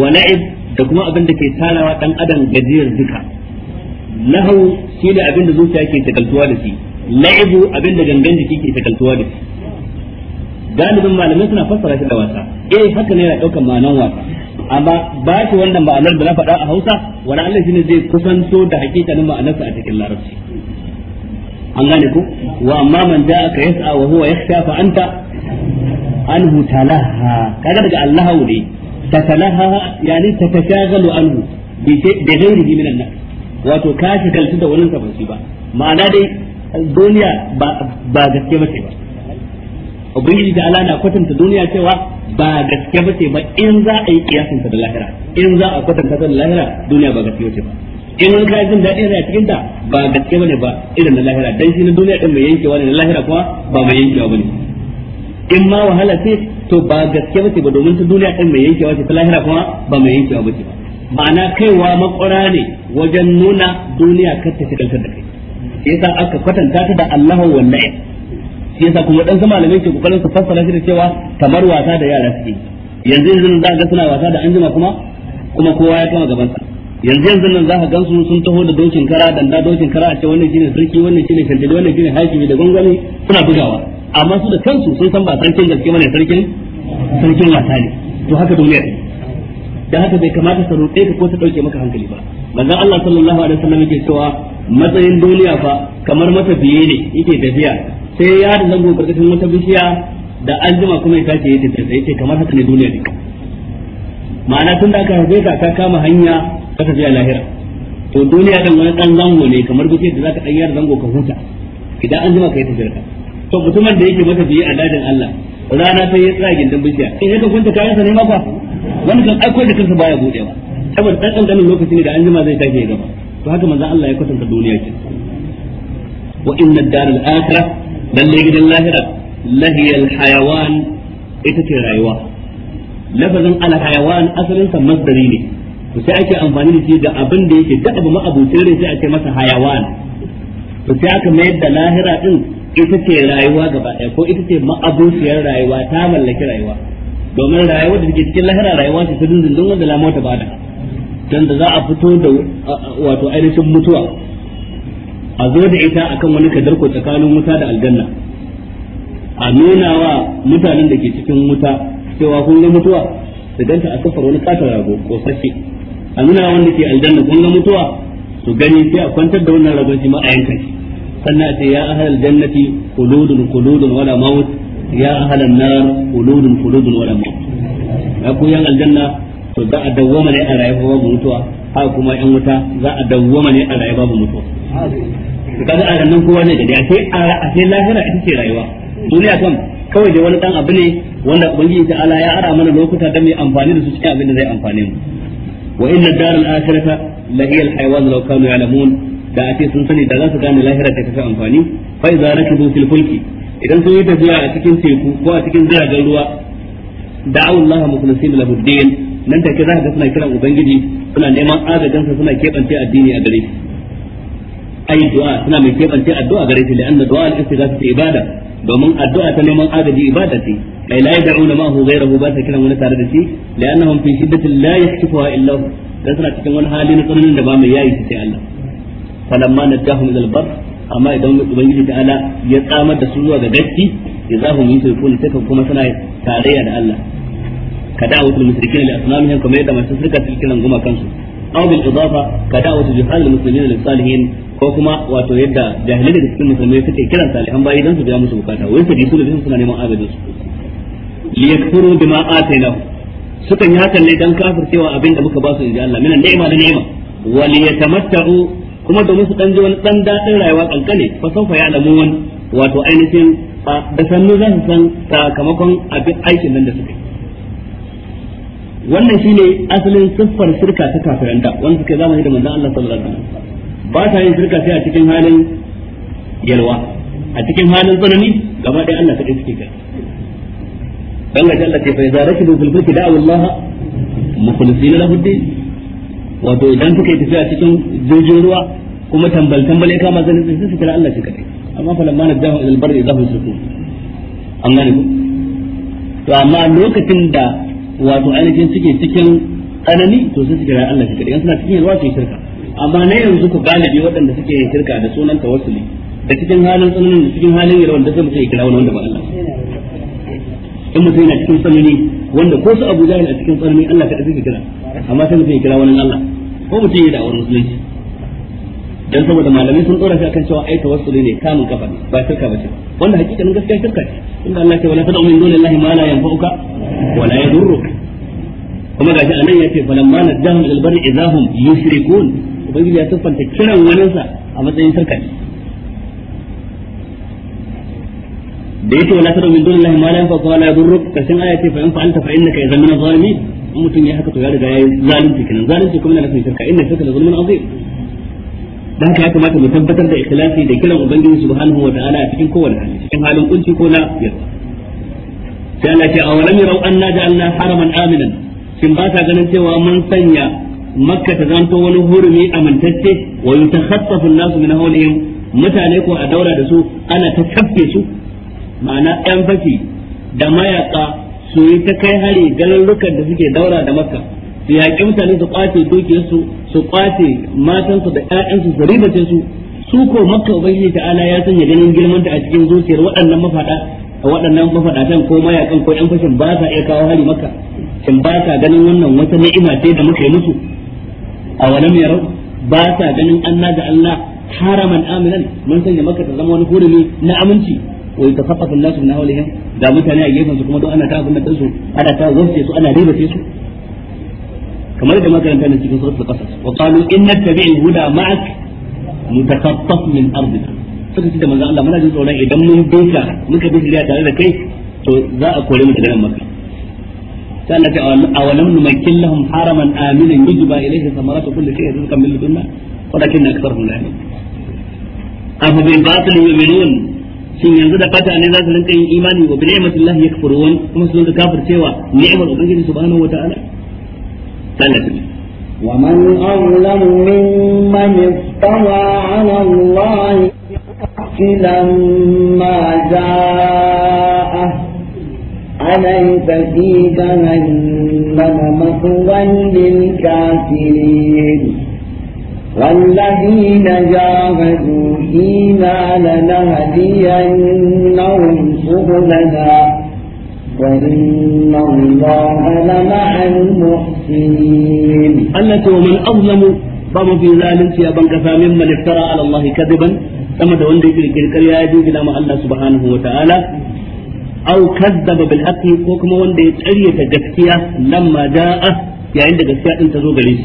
wa la'ib da kuma abin da ke tarawa dan adam gajiyar duka lahu shi da abin da zuciya ke shagaltuwa da shi la'ibu abin da gangan jiki ke shagaltuwa da shi galibin malamai suna fassara shi da wasa eh haka ne yana daukar ma'anar wasa amma ba shi wannan ma'anar da na faɗa a Hausa wani Allah shine zai kusanto da hakikanin ma'anarsa a cikin Larabci an gane ku wa amma man aka yas'a wa huwa yakhsha fa anta anhu talaha kaga daga Allah ne tatalaha yani tatashagalu anhu bi ghairihi min an-nas wato ka shagaltu da wannan sabon ba ma'ana dai duniya ba gaske ce ba ubangiji da Allah na kwatanta duniya cewa ba gaske ba ce ba in za a yi kiyasin ta da lahira in za a kwatanta ta da lahira duniya ba gaske ce ba in ka jin daɗin rayuwa cikin ta ba gaske bane ba irin na lahira dan shi na duniya din mai yankewa ne na lahira kuma ba mai yankewa bane in ma wahala ce to ba gaske bace ba domin ta duniya din mai yankewa ce ta lahira kuma ba mai yankewa bace ba ma'ana kaiwa makwara ne wajen nuna duniya kar ta shigaltar da kai yasa aka kwatanta ta da Allah wallahi shi yasa kuma dan zama malamai ke kokarin su fassara shi da cewa kamar wasa da yara suke yanzu yanzu nan za ga suna wasa da anjima kuma kuma kowa ya kama gaban sa yanzu yanzu nan za ka gansu sun taho da dokin kara danda dokin kara a ce wannan shine sarki wannan shine kandili wannan shine hakimi da gwangwani suna bugawa amma su da kansu sun san ba sarkin gaske bane sarkin sarkin wasa ne to haka duniya ne dan haka bai kamata ta roƙe ka ko ta dauke maka hankali ba manzon Allah sallallahu alaihi wasallam yake cewa matsayin duniya fa kamar matafiye ne yake tafiya sai ya da zango karkashin wata bishiya da an jima kuma ya tashi yake tafi yake kamar haka ne duniya duka ma'ana tun da aka haife ka ka kama hanya ka tafi a lahira to duniya dan wani dan zango ne kamar bishiyar da zaka dan yar zango ka huta idan an jima ka yi tafi ka to mutumin da yake matafiyi a dadin Allah rana sai ya tsaya gindin bishiya in ya ka kwanta kayan sa ne ma fa wani kan aiko da kansa baya ba saboda dan dan ganin lokaci ne da an jima zai tashi gaba to haka manzo Allah ya kwatanta duniya ke wa inna ad-dar al-akhirah Lallai gidan lahira lahiyar hayawan ita ce rayuwa lafazin al hayawan asalin sa masdari ne to sai ake amfani da shi da abin da yake da abu ma'abucin rai sai ake masa hayawan to sai aka mayar da lahira din ita ce rayuwa gaba ɗaya ko ita ce ma'abuciyar rayuwa ta mallaki rayuwa domin rayuwa da take cikin lahira rayuwa ce ta dindindin wanda lamota ba da dan da za a fito da wato ainihin mutuwa a zo da ita akan wani kadarko tsakanin wuta da aljanna a nuna wa mutanen da ke cikin wuta cewa kun ga mutuwa su ganta a kafar wani katon rago ko sashe a nuna wanda ke aljanna kun ga mutuwa su gani sai a kwantar da wannan ragon shi ma a yanka shi sannan a ce ya ahal jannati khuludun khuludun wala maut ya ahal nar khuludun khuludun wala maut ya ku yan aljanna to za a dawwama ne a rayuwa babu mutuwa haka kuma yan wuta za a dawwama ne a rayuwa babu mutuwa to kaga a nan kowa ne da ya a sai lahira ita ce rayuwa duniya kan kawai da wani dan abu ne wanda ubangiji ta ala ya ara mana lokuta da mai amfani da su cikin abin da zai amfane mu wa inna daral akhirata la hiya al hayawan law kanu ya'lamun da ake sun sani da za su gane lahira ta kafa amfani fa idza rakibu fil fulki idan sun yi tafiya a cikin teku ko a cikin jiragen ruwa da'u Allah mukhlisina lahu din nan take za ka ga suna kiran ubangiji suna neman agajinsa suna kebance addini a gare shi ai du'a suna mai kebance addu'a gare shi la'anna du'a al-istighath fi ibada domin addu'a ta neman agaji ibada ce ai la yad'una ma hu ghayrahu ba ta kiran wani tare da shi la'annahum fi shiddatin la yaktifuha illa hu dan suna cikin wani hali na tsananin da ba mai yayi sai Allah falamma najahum ila al-bar amma idan ubangiji ta'ala ya tsamar da su zuwa ga gaski idahum yusrifun sai kuma suna tarayya da Allah kada wutul musrikin li asnamihim kamar yadda masu guma kansu aw bil idafa ka da'watu juhal muslimin lil salihin ko kuma wato yadda jahilai da cikin musulmai suke kiran salihan bayi dan su biya musu bukata wai su su da sun suna neman abadin su li yakfuru bima atainahu sukan yi hakan ne dan kafircewa abin da muka ba su inji Allah minan ni'ima da ni'ima kuma domin su dan daɗin rayuwa kankane fa sawfa ya'lamun wato da sannu zan san sakamakon abin aikin nan da suka yi wannan shine asalin siffar shirka ta kafiran da wanda suka zamani da manzon Allah sallallahu alaihi wasallam ba ta yin shirka sai a cikin halin yalwa a cikin halin tsanani gaba ɗaya Allah kadai suke kai dan ga Allah ce fa idza rakibu fil fulki da'a Allah mukhlisina lahu din wato idan suka yi tafiya cikin jirgin ruwa kuma tambal tambale ka ma zanin sai su Allah shi kadai amma fa lamma nadahu ila al-barri idahu sukun an gane ku to amma lokacin da wato ainihin suke cikin tsanani to sai su kira Allah shi kadai suna cikin yalwa su yi shirka amma na yanzu ku galibi waɗanda suke yin shirka da sunan tawassuli da cikin halin tsananin da cikin halin yalwa da sai mutum ya kira wani wanda ba Allah in mutum yana cikin tsanani wanda ko su Abu Jahil a cikin tsanani Allah kadai suke kira amma sai mutum ya kira wani Allah ko mutum ya da'awar musulunci dan saboda malamai sun dora shi akan cewa ai tawassuli ne kamun kafa ne ba shirka bace wanda ne gaskiya shirka ce inda Allah ya ce wala tad'u min dunillahi ma la yanfa'uka wa la yadurruk kuma gashi anan ya fa lamma najahum ila barri idahum yushrikun ubangiji ya tuffanta kiran waninsa a matsayin shirka ne da yake wala tad'u min dunillahi ma la yanfa'uka wa la yadurruk kashin aya ce fa in fa'alta fa innaka idhan min adh-dhalimin mutum ya haka to ya riga ya zalunci kenan zalunci kuma na nufin shirka inna shirka la zulmun azim dan ka ya kamata mu tabbatar da ikhlasi da kiran ubangiji subhanahu wa ta'ala cikin kowane hali cikin halin kunci ko na yarda sai Allah ce a walam yarau anna Allah haraman aminan shin ba ta ganin cewa mun sanya makka ta zanto wani hurumi amintacce wa yutakhaffafu an-nasu min hawlihim mutane ko a daura da su ana ta kaffe su ma'ana yan fashi da mayaka su yi ta kai hari garurukan da suke daura da makka su yaƙi mutane su kwace dukiyarsu su kwace matansu da ƴaƴansu su ribace su su ko makka ubangiji ta'ala ya sanya ganin girman ta a cikin zuciyar waɗannan a waɗannan mafaɗatan ko mayakan ko ƴan fashin ba sa iya kawo hari maka, in ba sa ganin wannan wata ni'ima ce da muka yi musu a wani yarau ba sa ganin Allah ga Allah haraman aminan mun sanya maka ta zama wani hurumi na aminci wa ta an-nasu min hawlihim da mutane a gefen su kuma don ana ta abin da ana ta su ana ribace su kamar da makaranta ne cikin suratul qasas wa qalu inna tabi'il huda ma'ak mutakaffaf min ardina suka ce da manzon Allah muna jin tsoron idan mun dinka muka bi shari'a tare da kai to za a kore mu daga maka sai Allah ta awalam numakkin lahum haraman aminan yujba ilayhi samaratu kulli shay'in rizqan min ladunna walakin aktharuhum la batil yu'minun shin yanzu da fata ne za su rinka yin imani wa bi ni'matillahi yakfurun kuma su rinka kafircewa ni'mar ubangiji subhanahu wa ta'ala ومن أظلم ممن افترى على الله لما جاءه أليس في جهنم مثوى للكافرين والذين جاهدوا فينا لنهدينهم سبلنا وإن الله لمع المحسنين الرجيم التي ومن أظلم بما في ذلك يا بنك ممن افترى على الله كذبا كما دون ذكر الكلكل يا يجوز الله سبحانه وتعالى أو كذب بالحق وكما وان دي تأرية جفتية لما جاء يعني دي جفتية انت زوغ ليش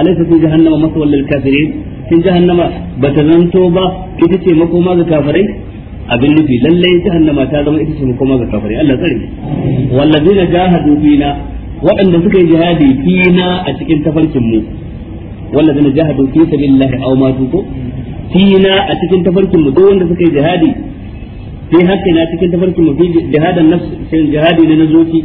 أليس في جهنم مثوى للكافرين في جهنم بتزنتو با كتتي مكوما كافرين abin nufi lallai jahannama ta zama ita ce makoma ga kafirai Allah tsare wallazina jahadu fina waɗanda suka yi jihadi fina a cikin tafarkin mu wanda zana jahadu fi sabilillahi aw matu ko fina a cikin tafarkin mu duk wanda suka yi jihadi fi hakkina cikin tafarkin mu fi jihadan nafs sai jihadi ne na zuci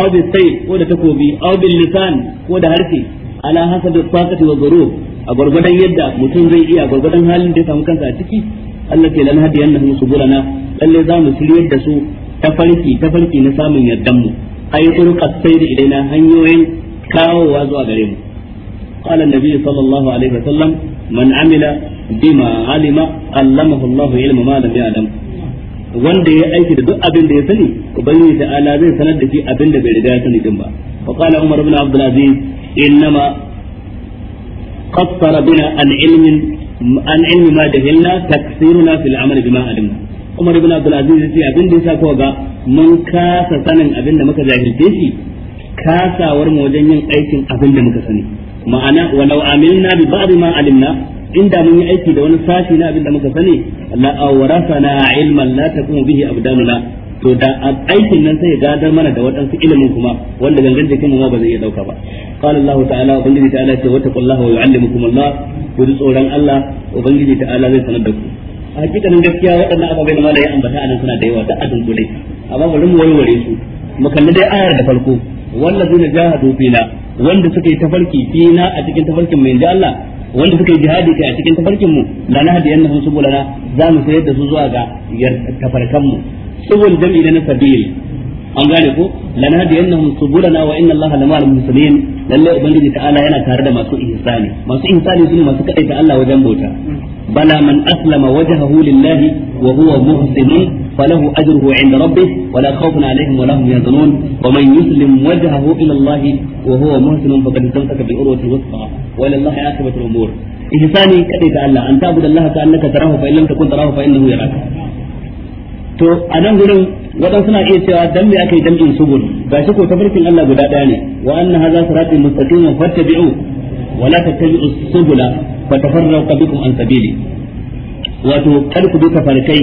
aw bi sayf ko da takobi aw bil lisan ko da harfi ala hasabi taqati wa dhurub a gurgudan yadda mutum zai iya gurgudan halin da ya samu kansa a ciki Allah ke lan hadiyan nahum subulana lalle za mu shiryar da su tafarki tafarki na samun yardan mu ay turqas da ilaina hanyoyin kawowa zuwa gare mu qala annabi sallallahu alaihi wasallam man wanda ya aiki da duk abin da ya sani ubangiji ta'ala zai sanar da shi abin da bai riga ya sani din ba wa qala umar ibn abdul aziz innama qassara bina an ilmin an ilmi ma jahilna taksiruna fil amali Umar ibn Abdul Aziz yace abin da yasa kowa ga mun kasa sanin abin da muka jahilce shi kasawar mu wajen yin aikin abin da muka sani ma'ana walau amilna bi ba'd ma alimna inda mun yi aiki da wani sashi na abin da muka sani la awrasana ilman la takunu bihi abdanuna to da aikin nan sai gadar mana da waɗansu ilimin kuma wanda gangan jikin mu ba zai iya dauka ba qala allah ta'ala ubangiji ta'ala ce wa taqullaha wa yu'allimukum allah ku tsoron allah ubangiji ta'ala zai sanar da ku hakikanin gaskiya waɗannan ababai da malai ambata anan suna da yawa da adun gure amma bari mu warware su mu kalli dai ayar da farko zuna jahadu fina wanda suka yi tafarki fina a cikin tafarkin mai inda Allah wanda suka yi jihadi kai a cikin tafarkin mu la na hadiyan nahum subulana za mu sayar da su zuwa ga tafarkan mu subul jam'i na sabil an gane ko lana da yannahum subulana wa inna allaha muslimin lalle ubangiji ta'ala yana tare da masu ihsani masu ihsani sune masu kadai ta Allah wajen bauta bala man aslama wajhahu lillahi wa huwa muhsin falahu ajruhu 'inda rabbih wa la khawfun wa yahzanun wa man yuslim wajhahu ila wa huwa muhsin faqad bil urwati wa ila umur ihsani kadai Allah an ta'budu allaha ka annaka tarahu fa takun tarahu fa innahu yaraka to a nan gurin wadan suna iya cewa dan me aka yi jam'in subul gashi ko tafarkin Allah guda daya ne wa anna hadha siratin mustaqim fattabi'u wa la tattabi'us subula fatafarraqu bikum an sabili wato kar ku bi tafarkai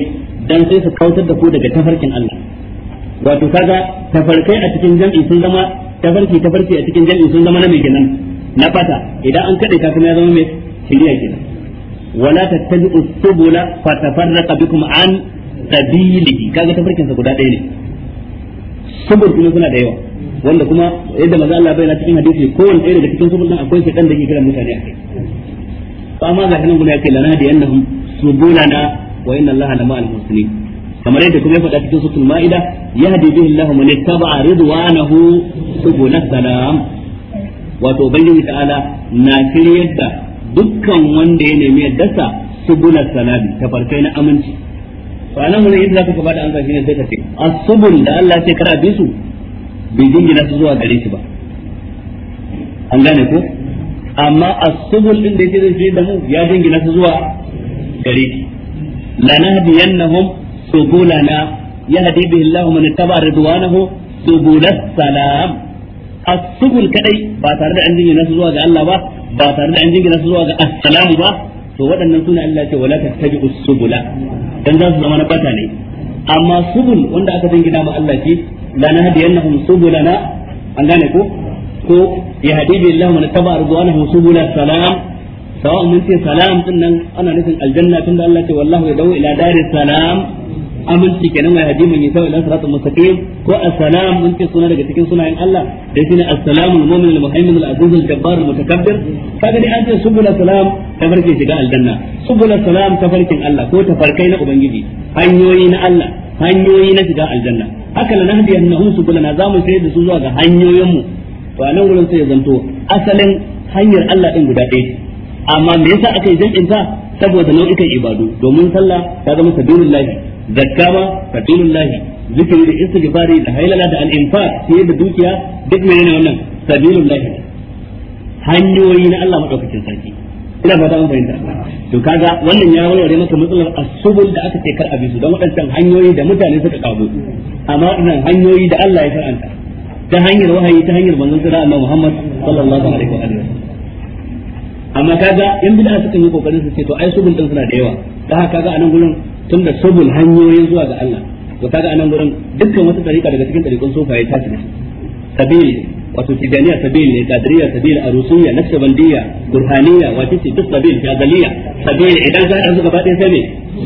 dan sai su kautar da ku daga tafarkin Allah wato kaga tafarkai a cikin jam'i sun zama tafarki tafarki a cikin jam'i sun zama na mai kenan na fata idan an kade ka kuma ya zama mai shiriya kenan wala tattabi'us subula fatafarraqu bikum an sabilihi kaga tafarkin sa guda ɗaya ne subur kuma suna da yawa wanda kuma yadda maza Allah bayyana cikin hadisi kowanne ɗaya daga cikin subur din akwai shedan da ke kira mutane a kai ba ma ga nan guda yake lana da yannahum subulana wa inna Allah la ma'al muslimin kamar yadda kuma ya faɗa cikin suratul ma'ida yahdi bihi Allah man ittaba'a ridwanahu subulas salam wato ubangiji ta'ala na kiryar da dukkan wanda ya nemi yaddarsa subulas salami tafarkai na aminci to anan mun idan zaka bada zafi ne sai ka ce asubul da Allah sai kar bi su bai dingina su zuwa gare shi ba an gane ko amma asubul din da yake zai je da mu ya dingina su zuwa gare shi lanahdiyannahum subulana yahdi bihi Allah man tabar ridwanahu subulas salam asubul kadai ba tare da an dingina su zuwa ga Allah ba ba tare da an jingina su zuwa ga assalamu ba to waɗannan suna Allah ce wala tattabi'u subula dan za su zama na bata ne amma subul wanda aka dingina ma Allah ce la nahdiyannahum subulana an gane ko ko ya hadibi Allah man taba arduanahu subula salam sawa mun ce salam din nan ana nufin aljanna tunda Allah ce wallahu yadawu ila daris salam aminci kenan mai hadi mun yasa ila siratal mustaqim ko assalam mun ce suna daga cikin sunayen Allah da shine assalamul mu'min al muhaimin al aziz al jabbar al mutakabbir kaga dai an ce subul salam ta farke shiga aljanna subul salam ta farkin Allah ko ta farkai na ubangiji hanyoyi na Allah hanyoyi na shiga aljanna haka lana hadi annahum na zamu sai da su zuwa ga hanyoyin mu to a nan sai ya zanto asalin hanyar Allah din guda ɗaya amma me yasa aka yi jam'in ta saboda nau'ikan ibadu domin sallah ta zama sabilullahi zakka ma sabilullahi zikiri da istighfari da hailala da al-infaq sai da dukiya duk mai yana wannan sabilullahi hanyoyi na Allah madaukakin sarki ina fata mun fahimta to kaga wannan ya wani wani maka matsalar asubul da aka ce kar abi su don waɗancan hanyoyi da mutane suka kago amma wannan hanyoyi da Allah ya karanta ta hanyar wahayi ta hanyar manzon sura Allah Muhammad sallallahu alaihi wa alihi amma kaga in bid'a suka yi kokarin su ce to ai subul din suna da yawa da haka kaga a nan gurin tunda sabul hanyoyin zuwa ga Allah to kaga anan gurin dukkan wata tarika daga cikin tarikun sufaye ta shiga sabili wato tijaniya sabili ne kadiriya sabili arusiyya naqshbandiyya burhaniyya wato ce duk sabili jazaliyya sabili idan za a zuba baɗin sai ne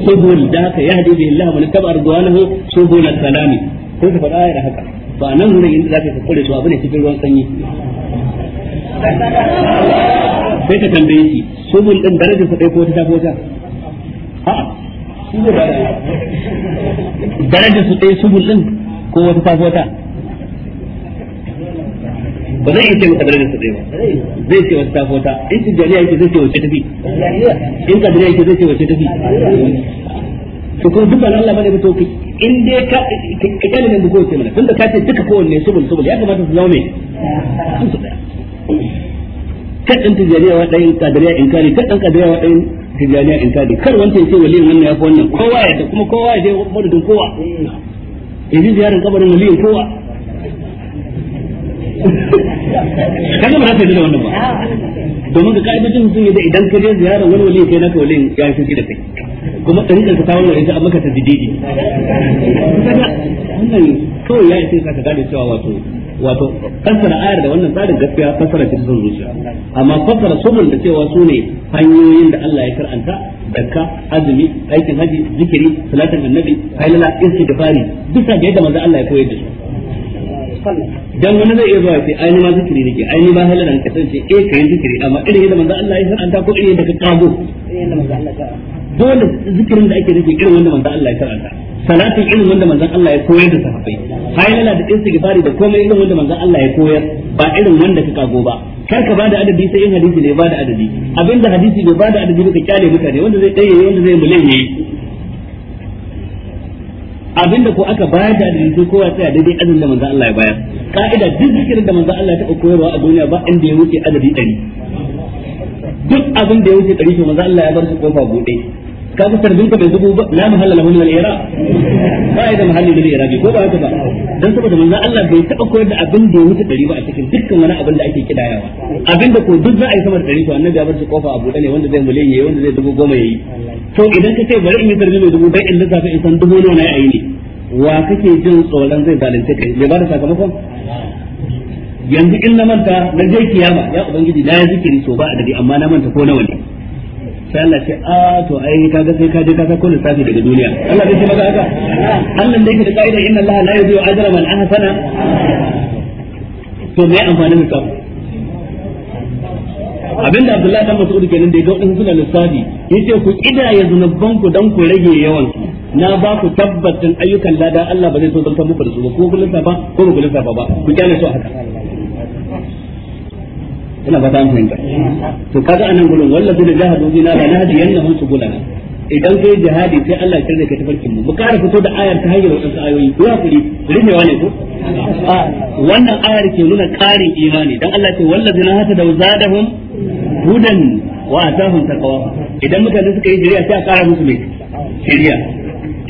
subul da haka yahdi bihi Allah man tabar duwanahu subul salami ko ka faɗa da haka ba nan gurin inda zaka ka kore su abu ne cikin ruwan sanyi sai ka tambaye shi Sabul din darajar sa dai ko ta ta a'a darajar su ɗaya subul ɗin ko wata ta wata ba zai ce maka darajar su ɗaya ba zai ce wata ta wata in jariya yake zai ce wace tafi in jariya yake zai ce wace tafi to kuma dukkan Allah bane ba to in dai ka ka kalin da ko ce mana tunda ka ce duka kowanne subul subul ya kamata su zama me su daya kadin tijariya wa ɗayan kadariya in kari kadin kadariya wa ɗayan tijaniya in kadi kar wancan ce waliyin wannan ya fi wannan kowa ya kuma kowa ya je madadin kowa in ji ziyarar kabarin waliyin kowa kaga ba za ta yi da wannan ba domin ga ka'idojin sun yi da idan ka je ziyarar wani waliyin kai naka waliyin ya fi shi da kai kuma ɗariƙar ka tawar wani ta maka ta jididi wannan kawai ya yi sai ka gane cewa wato wato fassara ayar da wannan tsarin gaskiya fassara ta son zuciya amma fassara subul da cewa su ne hanyoyin da Allah ya karanta dakka azumi aikin haji zikiri salatin annabi hailala istighfari bisa ga yadda manzo Allah ya koyar da su dan wani zai iya zuwa sai ai ni ma zikiri nake ai ni ba halala nake sai eh kai zikiri amma irin yadda manzo Allah ya karanta ko irin yadda ka kago dole zikirin da ake nufi irin wanda manzo Allah ya karanta salatin irin wanda manzon Allah ya koyar da sahabbai haylala da istighfari da komai irin wanda manzon Allah ya koyar ba irin wanda ka kago ba kar ka bada adadi sai in hadisi ne bada adadi abinda hadisi ne bada adadi ne ka kyale mutane wanda zai tsaye wanda zai mulai ne abinda ko aka bayar da adadi sai kowa sai daidai adadin da manzon Allah ya bayar ka'ida duk zikirin da manzon Allah ya taɓa koyarwa a duniya ba inda ya wuce adadi ɗari duk abin da ya wuce ɗari to manzo Allah ya bar shi kofa buɗe kaga tarbinka bai zubo ba la mahalla lahu min al-ira ba ya da mahalli da irabi ko ba haka ba dan saboda manzo Allah bai taba koyar da abin da wuce dari ba a cikin dukkan wani abin da ake kidayawa abin da ko duk za a yi samar dari to annabi ya bar shi kofa abu ne wanda zai mulai yayi wanda zai dubo goma yayi to idan ka ce bari in yi tarbi mai dubo dai in lissafa in san dubo nawa na yayi ne wa kake jin tsoron zai zalunce kai bai ba da sakamakon yanzu in na manta na je kiyama ya ubangiji na ya zikiri so ba a dadi amma na manta ko nawa ne sai Allah ce a ah, to ai kaga sai ka je ka sako lissafi daga duniya Allah zai ce maka haka Allah da yake da ka'ida inna Allah la yudhi'u ajra man ahsana to me amfani da lissafi abinda Abdullahi dan Mas'ud kenan da ya ga wadansu suna lissafi yace ku kidaya zanubban ku dan ku rage yawan su na ba ku tabbacin ayyukan lada Allah ba zai so zanta muku da su ko ku lissafa ko ku lissafa ba ku kyale su haka ina ba ta fahimta to kaga anan gurin wallazina jahadu bina la nahdiyannahum subulana idan kai jihadi sai Allah ya karbe ka tafarkin mu mu kara fito da ayar ta hanyar wadansu ayoyi ko hakuri rufewa ne ko wannan ayar ke nuna karin imani dan Allah ce wallazina hatadu zadahum hudan wa atahum taqwa idan mutane suka yi jiriya sai a kara musu mai jiriya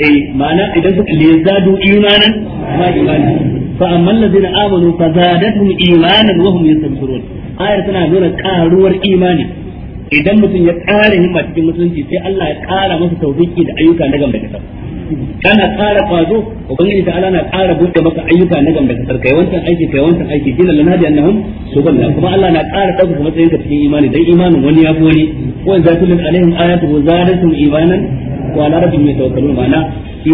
eh ma'ana idan suka le zadu imanan ma imani fa amma allazina amanu fa zadatuhum imanan wa hum yastabsirun ayar tana nuna karuwar imani idan mutum ya ƙara himma cikin musulunci sai Allah ya ƙara masa tawfiki da ayyuka na gamba kasar kana ƙara kwazo ubangiji ta Allah na ƙara buɗe maka ayyuka na gamba kasar kai wancan aiki kai wancan aiki kila lana da annahum subhanallah kuma Allah na ƙara sai ka cikin imani dai imanin wani ya fori zatu zatul alaihim ayatu wa zadatum imanan wa ala rabbihim yatawakkalun ma'ana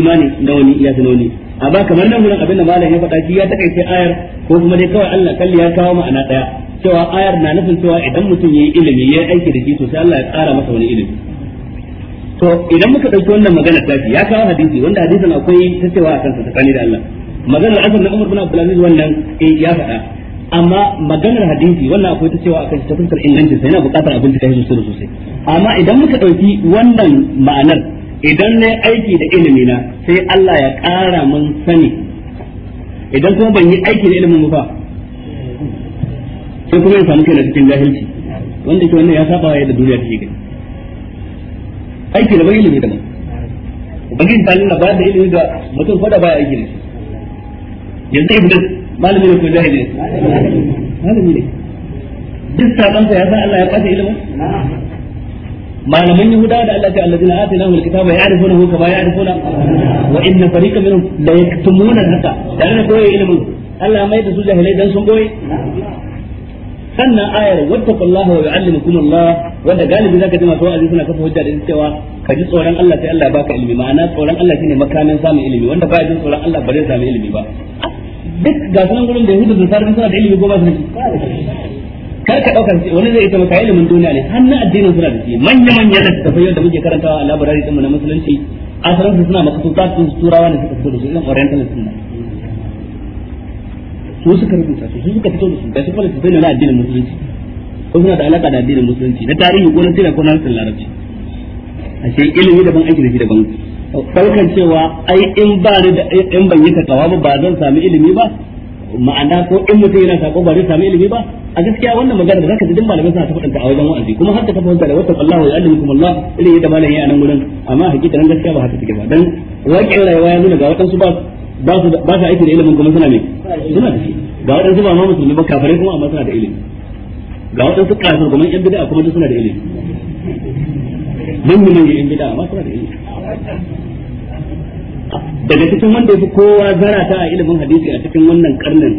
imani na wani ya na wani amma kamar nan gurin abinda da malam ya faɗa shi ya takaice ayar ko kuma dai kawai Allah kalli ya kawo ma'ana daya cewa ayar na nufin cewa idan mutum yayi ilimi ya aiki da shi to sai Allah ya tsara masa wani ilimi to idan muka dauki wannan magana ta ya kawo hadisi wanda hadisin akwai ta cewa a kansa tsakani da Allah maganar asar na Umar bin Abdul Aziz wannan eh ya faɗa amma maganar hadisi wannan akwai ta cewa akan tafsirin ingancin sai yana buƙatar abin da kai sosai sosai amma idan muka dauki wannan ma'anar idan na aiki da ilimi na sai Allah ya ƙara mun sani idan kuma ban yi aiki da ilimin mu ba sai kuma ya samu kai na cikin jahilci wanda ke wannan ya saba yadda duniya ta gani aiki da bai ilimi da ba ubangiji ta nuna ba da ilimi da mutum ko da baya aiki da shi yanzu ibn malami ne ko jahili ne malami ne duk sabansa ya san Allah ya kwace ilimin malaman yahuda da Allah ta allazina atainahumul kitaba ya'rifunahu kama ya'rifuna wa inna fariqan minhum la yaktumuna hatta dan ne koyi ilimin Allah mai da su jahilai dan sun boye sannan ayar wattaqullaha wa yu'allimukum Allah wanda galibi zaka ji masu wa'azi suna kafa hujja da cewa ka ji tsoron Allah sai Allah baka ilimi ma'ana tsoron Allah shine makamin samun ilimi wanda ba jin tsoron Allah ba zai samu ilimi ba duk ga sanan gurin da yahudu da sarfin suna da ilimi ko ba su kar ka dauka wani zai ita maka ilimin duniya ne har na addinin suna da shi manya manya da tafiyar da muke karantawa a labarari din mu na musulunci asalin su suna maka tutatun turawa ne suka fito da su irin orientalist ne su suka rubuta su suka fito da su ga su fara su bayyana addinin musulunci ko suna da alaka da addinin musulunci na tarihi ko na tsira ko na harshen larabci ce ilimi daban aiki da shi daban ɗaukar cewa ai in ba ni da in ban yi takawa ba ba zan sami ilimi ba ma'ana ko in mutum yana sako ba zai sami ilimi ba a gaskiya wannan magana da zaka ji din malamai suna tafadanta a wajen wa'azi kuma har ta tafadanta da wata Allahu ya alimukum Allah irin yadda malamin ya nan gurin amma hakika hakikanin gaskiya ba haka take ba dan waƙin rayuwa ya nuna ga waɗansu ba ba su ba aiki da ilimin kuma suna ne suna da shi ga waɗansu ba ma musulmi ba kafirai kuma amma suna da ilimi ga waɗansu kafir kuma yan bid'a kuma suna da ilimi mun mun yi yan bid'a amma suna da ilimi daga cikin wanda ya fi kowa zarata a ilimin hadisi a cikin wannan karnin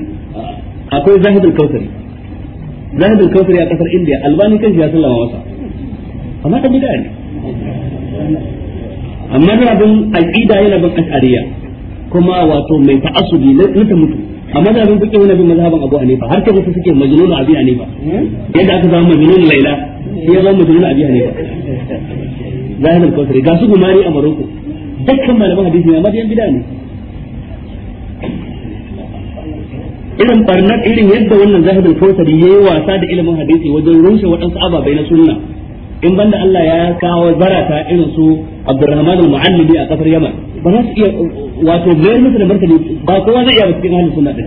akwai zahidul kausari zahidul kausari a kasar indiya albani kan shi ya sallama masa amma ta bid'a ne amma da bin aqida yana bin ashariya kuma wato mai ta'assubi na ta mutu amma da abin fiqh wannan bin mazhaban Abu Hanifa har kaje suke majnun Abi Hanifa yadda aka zama majnun Laila ya zama majnun Abi Hanifa zahirul kawsari ga su gumari a Maroko dukkan malaman hadisi ne amma da ne irin barnar irin yadda wannan zahirul kawsari yayi wasa da ilimin hadisi wajen rushe waɗansu ababai na sunna in banda Allah ya kawo zarata irin su عبد الرحمن المعلمي في قصر يمن فناس إيه واتو غير مثل المرتدي باكو انا يا بسكين اهل السنة ده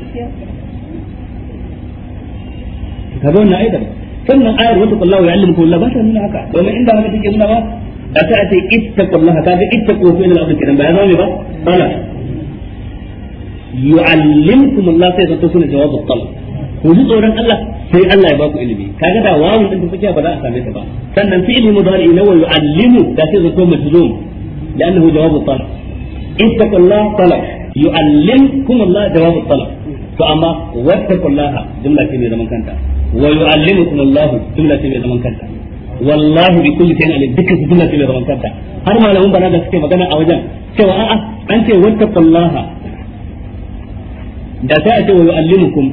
كتابون نائدا فلن آير واتق الله يعلمكم الله باشا من عكا وما عندها نتيجة من ما أتأتي اتقوا الله كافي اتقوا في إلى الأرض كرم بها نومي بس فلا يعلمكم الله سيدة تسوني جواب الطلب وجد أولا الله sai Allah ya baku ku ilimi kaga da wawun din tafiya ba za a same ta ba sannan fi ilmi mudari na wa yu'allimu da sai zato majzum لأنه جواب الطلب اتقوا الله طلب يعلمكم الله جواب الطلب فأما واتقوا الله جملة كبيرة من كانت ويعلمكم الله جملة كبيرة من كانت والله بكل شيء على الذكر جملة كبيرة من kanta har malamin bana da suke magana a wajen cewa a'a an ce wattaqu da sai a ce wa yu'allimukum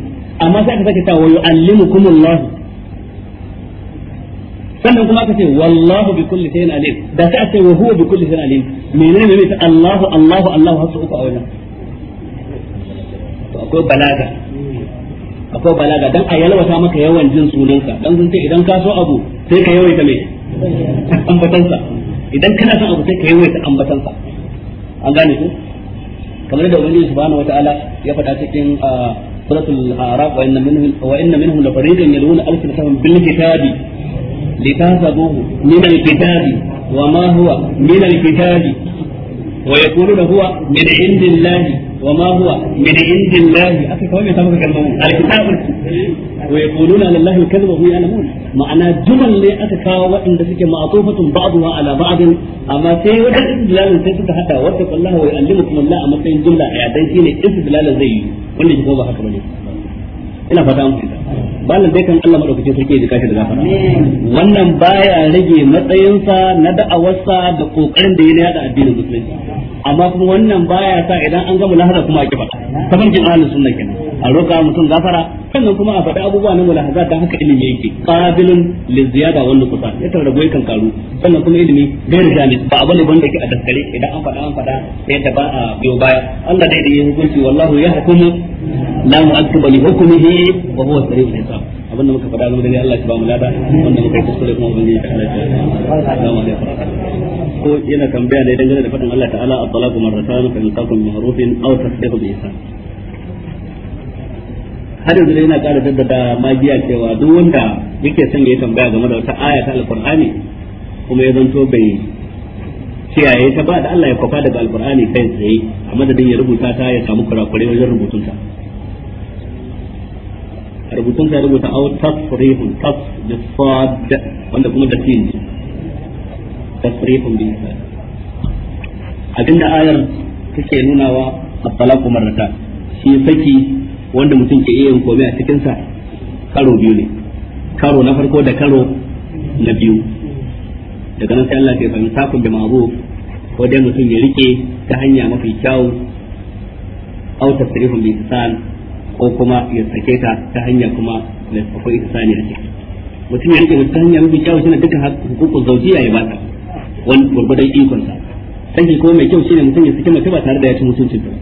amma sai aka sake ta wa Allah sannan kuma aka ce wallahu bi kulli shay'in alim da sai aka ce wa huwa bi kulli shay'in alim menene ne ta Allahu Allahu Allah har su uku a wannan to akwai balaga akwai balaga dan a yalwata maka yawan jin sunanka dan sun ce idan ka so abu sai ka yawaita mai ambatansa idan kana son abu sai ka yawaita ambatansa an gane ku kamar da ubangiji subhanahu wataala ya faɗa cikin ah, سورة الأعراف وإن منهم وإن منهم لفريقا يلون ألسنتهم بالكتاب لتحسبوه من الكتاب وما هو من الكتاب ويقولون هو من عند الله وما هو من عند الله أكيد كمان يتابعك كلمهم على كتاب ويقولون على الله الكذب وهم يعلمون معنى جمل لي أتكاوى وإن ذلك معطوفة بعضها على بعض أما سيء استدلال سيء حتى وثق الله ويعلمكم الله أما سيء جملة إعدادين استدلال زي وإن جمهور حكم لي إلى فتاة malam dai kan Allah madaukake sarki ya jika shi da gafara wannan baya rage matsayinsa na da'awarsa da kokarin da yana da addinin musulunci amma kuma wannan baya sa idan an gama lahara kuma a kifa kamar jin ahlus sunna kenan a roka mutum gafara sannan kuma a faɗi abubuwa na mulahaza da haka ilimi yake qabilun ziyada wal nuqsan ya tare goyi kan karu sannan kuma ilimi gairu jalis ba abane wanda yake a daskare idan an faɗa an faɗa sai da ba a biyo baya Allah dai da ya hukunci wallahu yahkumu la mu'aqqiba li hukmihi wa huwa sari'ul hisab na'am abinda muka faɗa zama dai Allah ya ba mu lada wanda muka kuskure kuma ubangiji ta Allah ya assalamu alaikum ko yana tambaya ne dangane da faɗin Allah ta'ala at-talaqu marratan fa in taqum bi ma'rufin aw tasdiqu bi isan har yanzu dai yana ƙara jaddada magiya cewa duk wanda yake son ya tambaya game da wata aya ta alqur'ani kuma ya zanto bai kiyaye ta ba da Allah ya kwafa daga alkur'ani kai tsaye a madadin ya rubuta ta ya samu kurakurai wajen rubutunta rubutun sai rubuta au tasrihun tas bi sad wanda kuma da tin tasrihun bi sad abinda ayar take nunawa at-talaqu marrata shi saki wanda mutum ke iya yin komai a cikin sa karo biyu ne karo na farko da karo na biyu daga nan sai Allah ya fahimta sakun da ma'ruf ko dai mutum ya rike ta hanya mafi kyau au tasrihun bi sad ko kuma ya sake ta ta hanya kuma da ita sani a ciki mutum ya rike ta hanya mafi kyau shine dukkan hukukun zaujiya ya bata wani gurgudan ikon sa sai kuma mai kyau shine mutum ya sake mace ba tare da ya ci mutuncin ta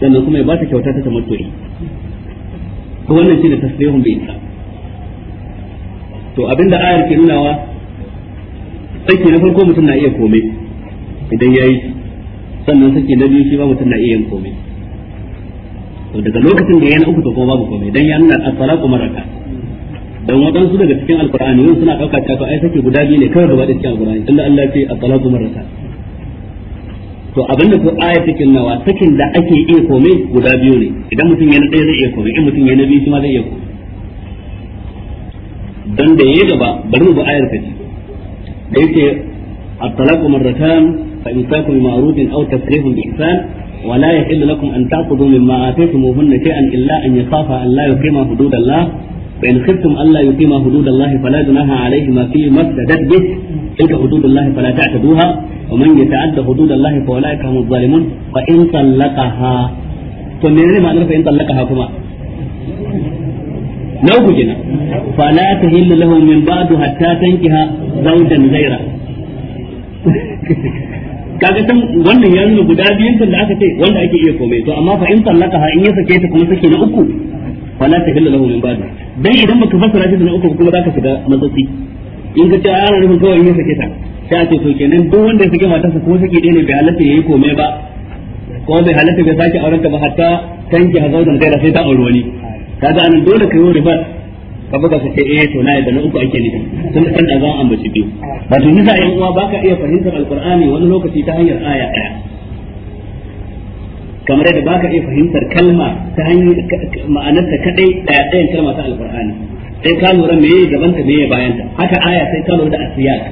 sannan kuma ya bata kyauta ta ta tamattu'i to wannan shine tasrihun bi isa to abinda ayar ke nunawa sake na farko mutum na iya komai idan yayi sannan sake na biyu shi ba mutum na iya komai to daga lokacin da ya na uku to kuma babu komai dan ya nuna at-talaqu marrata dan wadansu daga cikin alqur'ani yau suna dauka ta to ai sake guda biyu ne kawai gaba da cikin alqur'ani inda Allah ya ce at-talaqu marrata to abinda ko aya take nawa sakin da ake iya komai guda biyu ne idan mutum yana ɗaya zai iya komai in mutum yana biyu shi ma zai iya komai dan da yayi gaba bari mu ba ayar kaci da yake at-talaqu marratan فإمساك بمعروف أو تسريح بإحسان ولا يحل لكم أن تأخذوا مما آتيتموهن شيئا إلا أن يخافا أن لا يقيما حدود الله فإن خفتم ألا يقيما حدود الله فلا جناح عليهما فيما افتدت به تلك حدود الله فلا تعتدوها ومن يتعد حدود الله فأولئك هم الظالمون فإن طلقها فمن معنى فإن طلقها كما لو بجنا فلا تهل له من بعد حتى تنكها زوجا غيره kaga san wannan ya nuna guda biyun da aka ce wanda ake iya komai to amma fa in sallaka ha in ya sake ta kuma sake na uku fa la tahillu lahu min ba'd dan idan baka fassara shi da na uku kuma zaka shiga matsatsi in ka ce ah, ana nufin kawai in ya sake ta sai a ce to kenan duk wanda ya sake sa ko sake ɗaya ne bai halatta yayi komai ba ko bai halatta bai sake auren ta ba hatta kanki ha zaudan kai da sai ta auri wani kaga anan dole kai wani ba ka buga ka ce eh to na da na uku ake nufi tun kan da za a ambaci biyu wato nisa yan uwa baka iya fahimtar alqur'ani wani lokaci ta hanyar aya daya kamar yadda baka iya fahimtar kalma ta hanyar ma'anar ta kadai daya dayan kalma ta alqur'ani sai ka lura me gaban ta me bayan ta haka aya sai ka lura da asiyat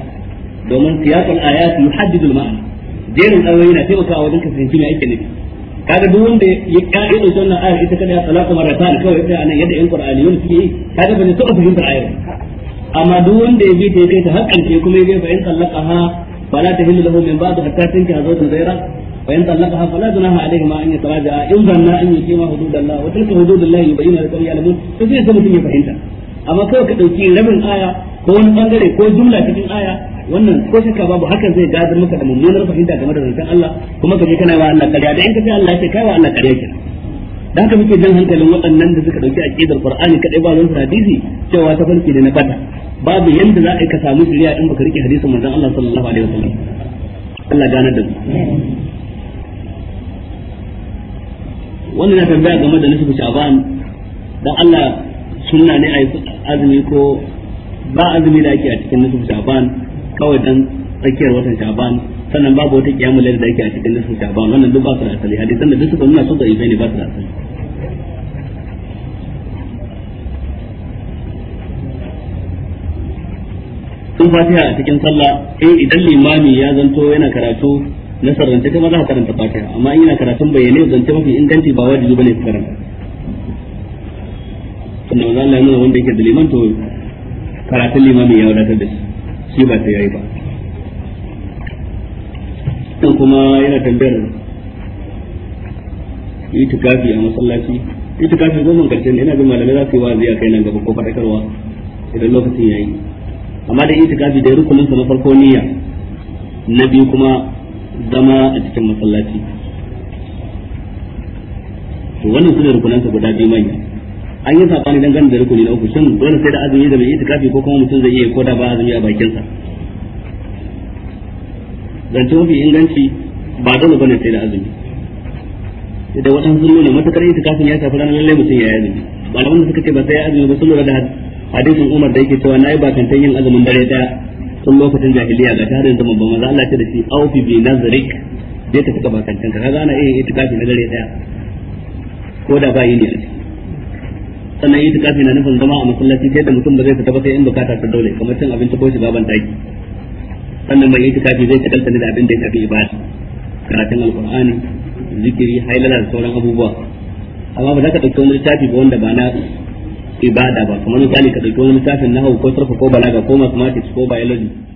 domin siyaqul ayat yuhaddidul ma'ana jerin ayoyi na taimakawa wajen ka fahimci me ake nufi kaga duk wanda ya kaɗe da wannan ayar ita kada ya salatu maratan kawai sai anan yadda yan qur'aniyun suke yi kaga ba ne taɓa fahimtar ayar amma duk wanda ya bi ta kai ta ke kuma ya fa in sallaqaha fala tahillu lahu min ba'd hatta tinka zawjan zaira fa in ha fala dunaha alayhi ma an yataraja in zanna an yuqima hududallah wa tilka hududallah yubayyinu lakum ya'lamun to sai mutum ya fahimta amma kawai ka dauki rabin aya ko wani bangare ko jumla cikin aya wannan ko shakka babu hakan zai gadar maka da mummunar fahimta game da zancen Allah kuma ka je kana wa Allah kariya da in ka ce Allah ce kai wa Allah kariya kenan dan haka muke jan hankalin waɗannan da suka dauki aqidar Qur'ani kadai ba zan hadisi cewa ta farki ne na bata babu yanda za a yi ka samu shari'a in baka rike hadisin manzon Allah sallallahu alaihi wasallam Allah gane da wannan na tambaya game da nisfu sha'ban dan Allah sunna ne a azumi ko ba azumi da ake a cikin nisfu sha'ban kawai dan tsakiyar watan sha'ban sannan babu wata kiyamu lalata da yake a cikin nasin sha'ban wannan duk ba su da asali hadisan da duk suka nuna su da ibai ne ba su da asali sun fatiha a cikin sallah in eh, idan limami ya zanto yana karatu na sarrance kuma za ka karanta fatiha amma in yana karatun bayyane zance mafi inganci ba wajibi bane su karanta sannan Allah ya nuna wanda yake da liman to karatun limami ya wadatar da shi shi ba sai yayi ba dan kuma yana tambayar itikafi a masallaci itikafi goma karshe ne ina jin malamai za su yi wa'azi a kai nan gaba ko fadakarwa idan lokacin yayi amma da itikafi da rukunin sa na farko niyya na biyu kuma zama a cikin masallaci to wannan sune rukunan sa guda biyu manya an yi sabani ganin da rukuni na uku shin dole sai da azumi da bai itikafi ko kuma mutum zai iya ko da ba azumi a bakin sa to bi inganci ba dole bane sai da azumi da wadan sun nuna matakar itikafin ya shafi ranar lalle mutum ya yi azumi malaman da suka ce ba sai azumi ba sun lura da hadisin Umar da yake cewa nayi bakantan yin azumin dare daya tun lokacin jahiliya ga tarin zaman ba maza Allah ce da shi aufi bi nazrik da tafi ka bakantan ka kaga ana iya itikafi na dare daya ko da ba yi ne sannan yi tukafi na nufin zama a masallaci sai da mutum ba zai fita ba sai in bukata ta dole kamar cin abinci ko shiga ban daki sannan mai yi tukafi zai shagalta ne da abin da ya shafi ibada karatun alqur'ani zikiri hailala da sauran abubuwa amma ba za ka ɗauki wani littafi ba wanda ba na ibada ba kamar misali ka ɗauki wani littafin nahau ko sarfa ko balaga ko mathematics ko biology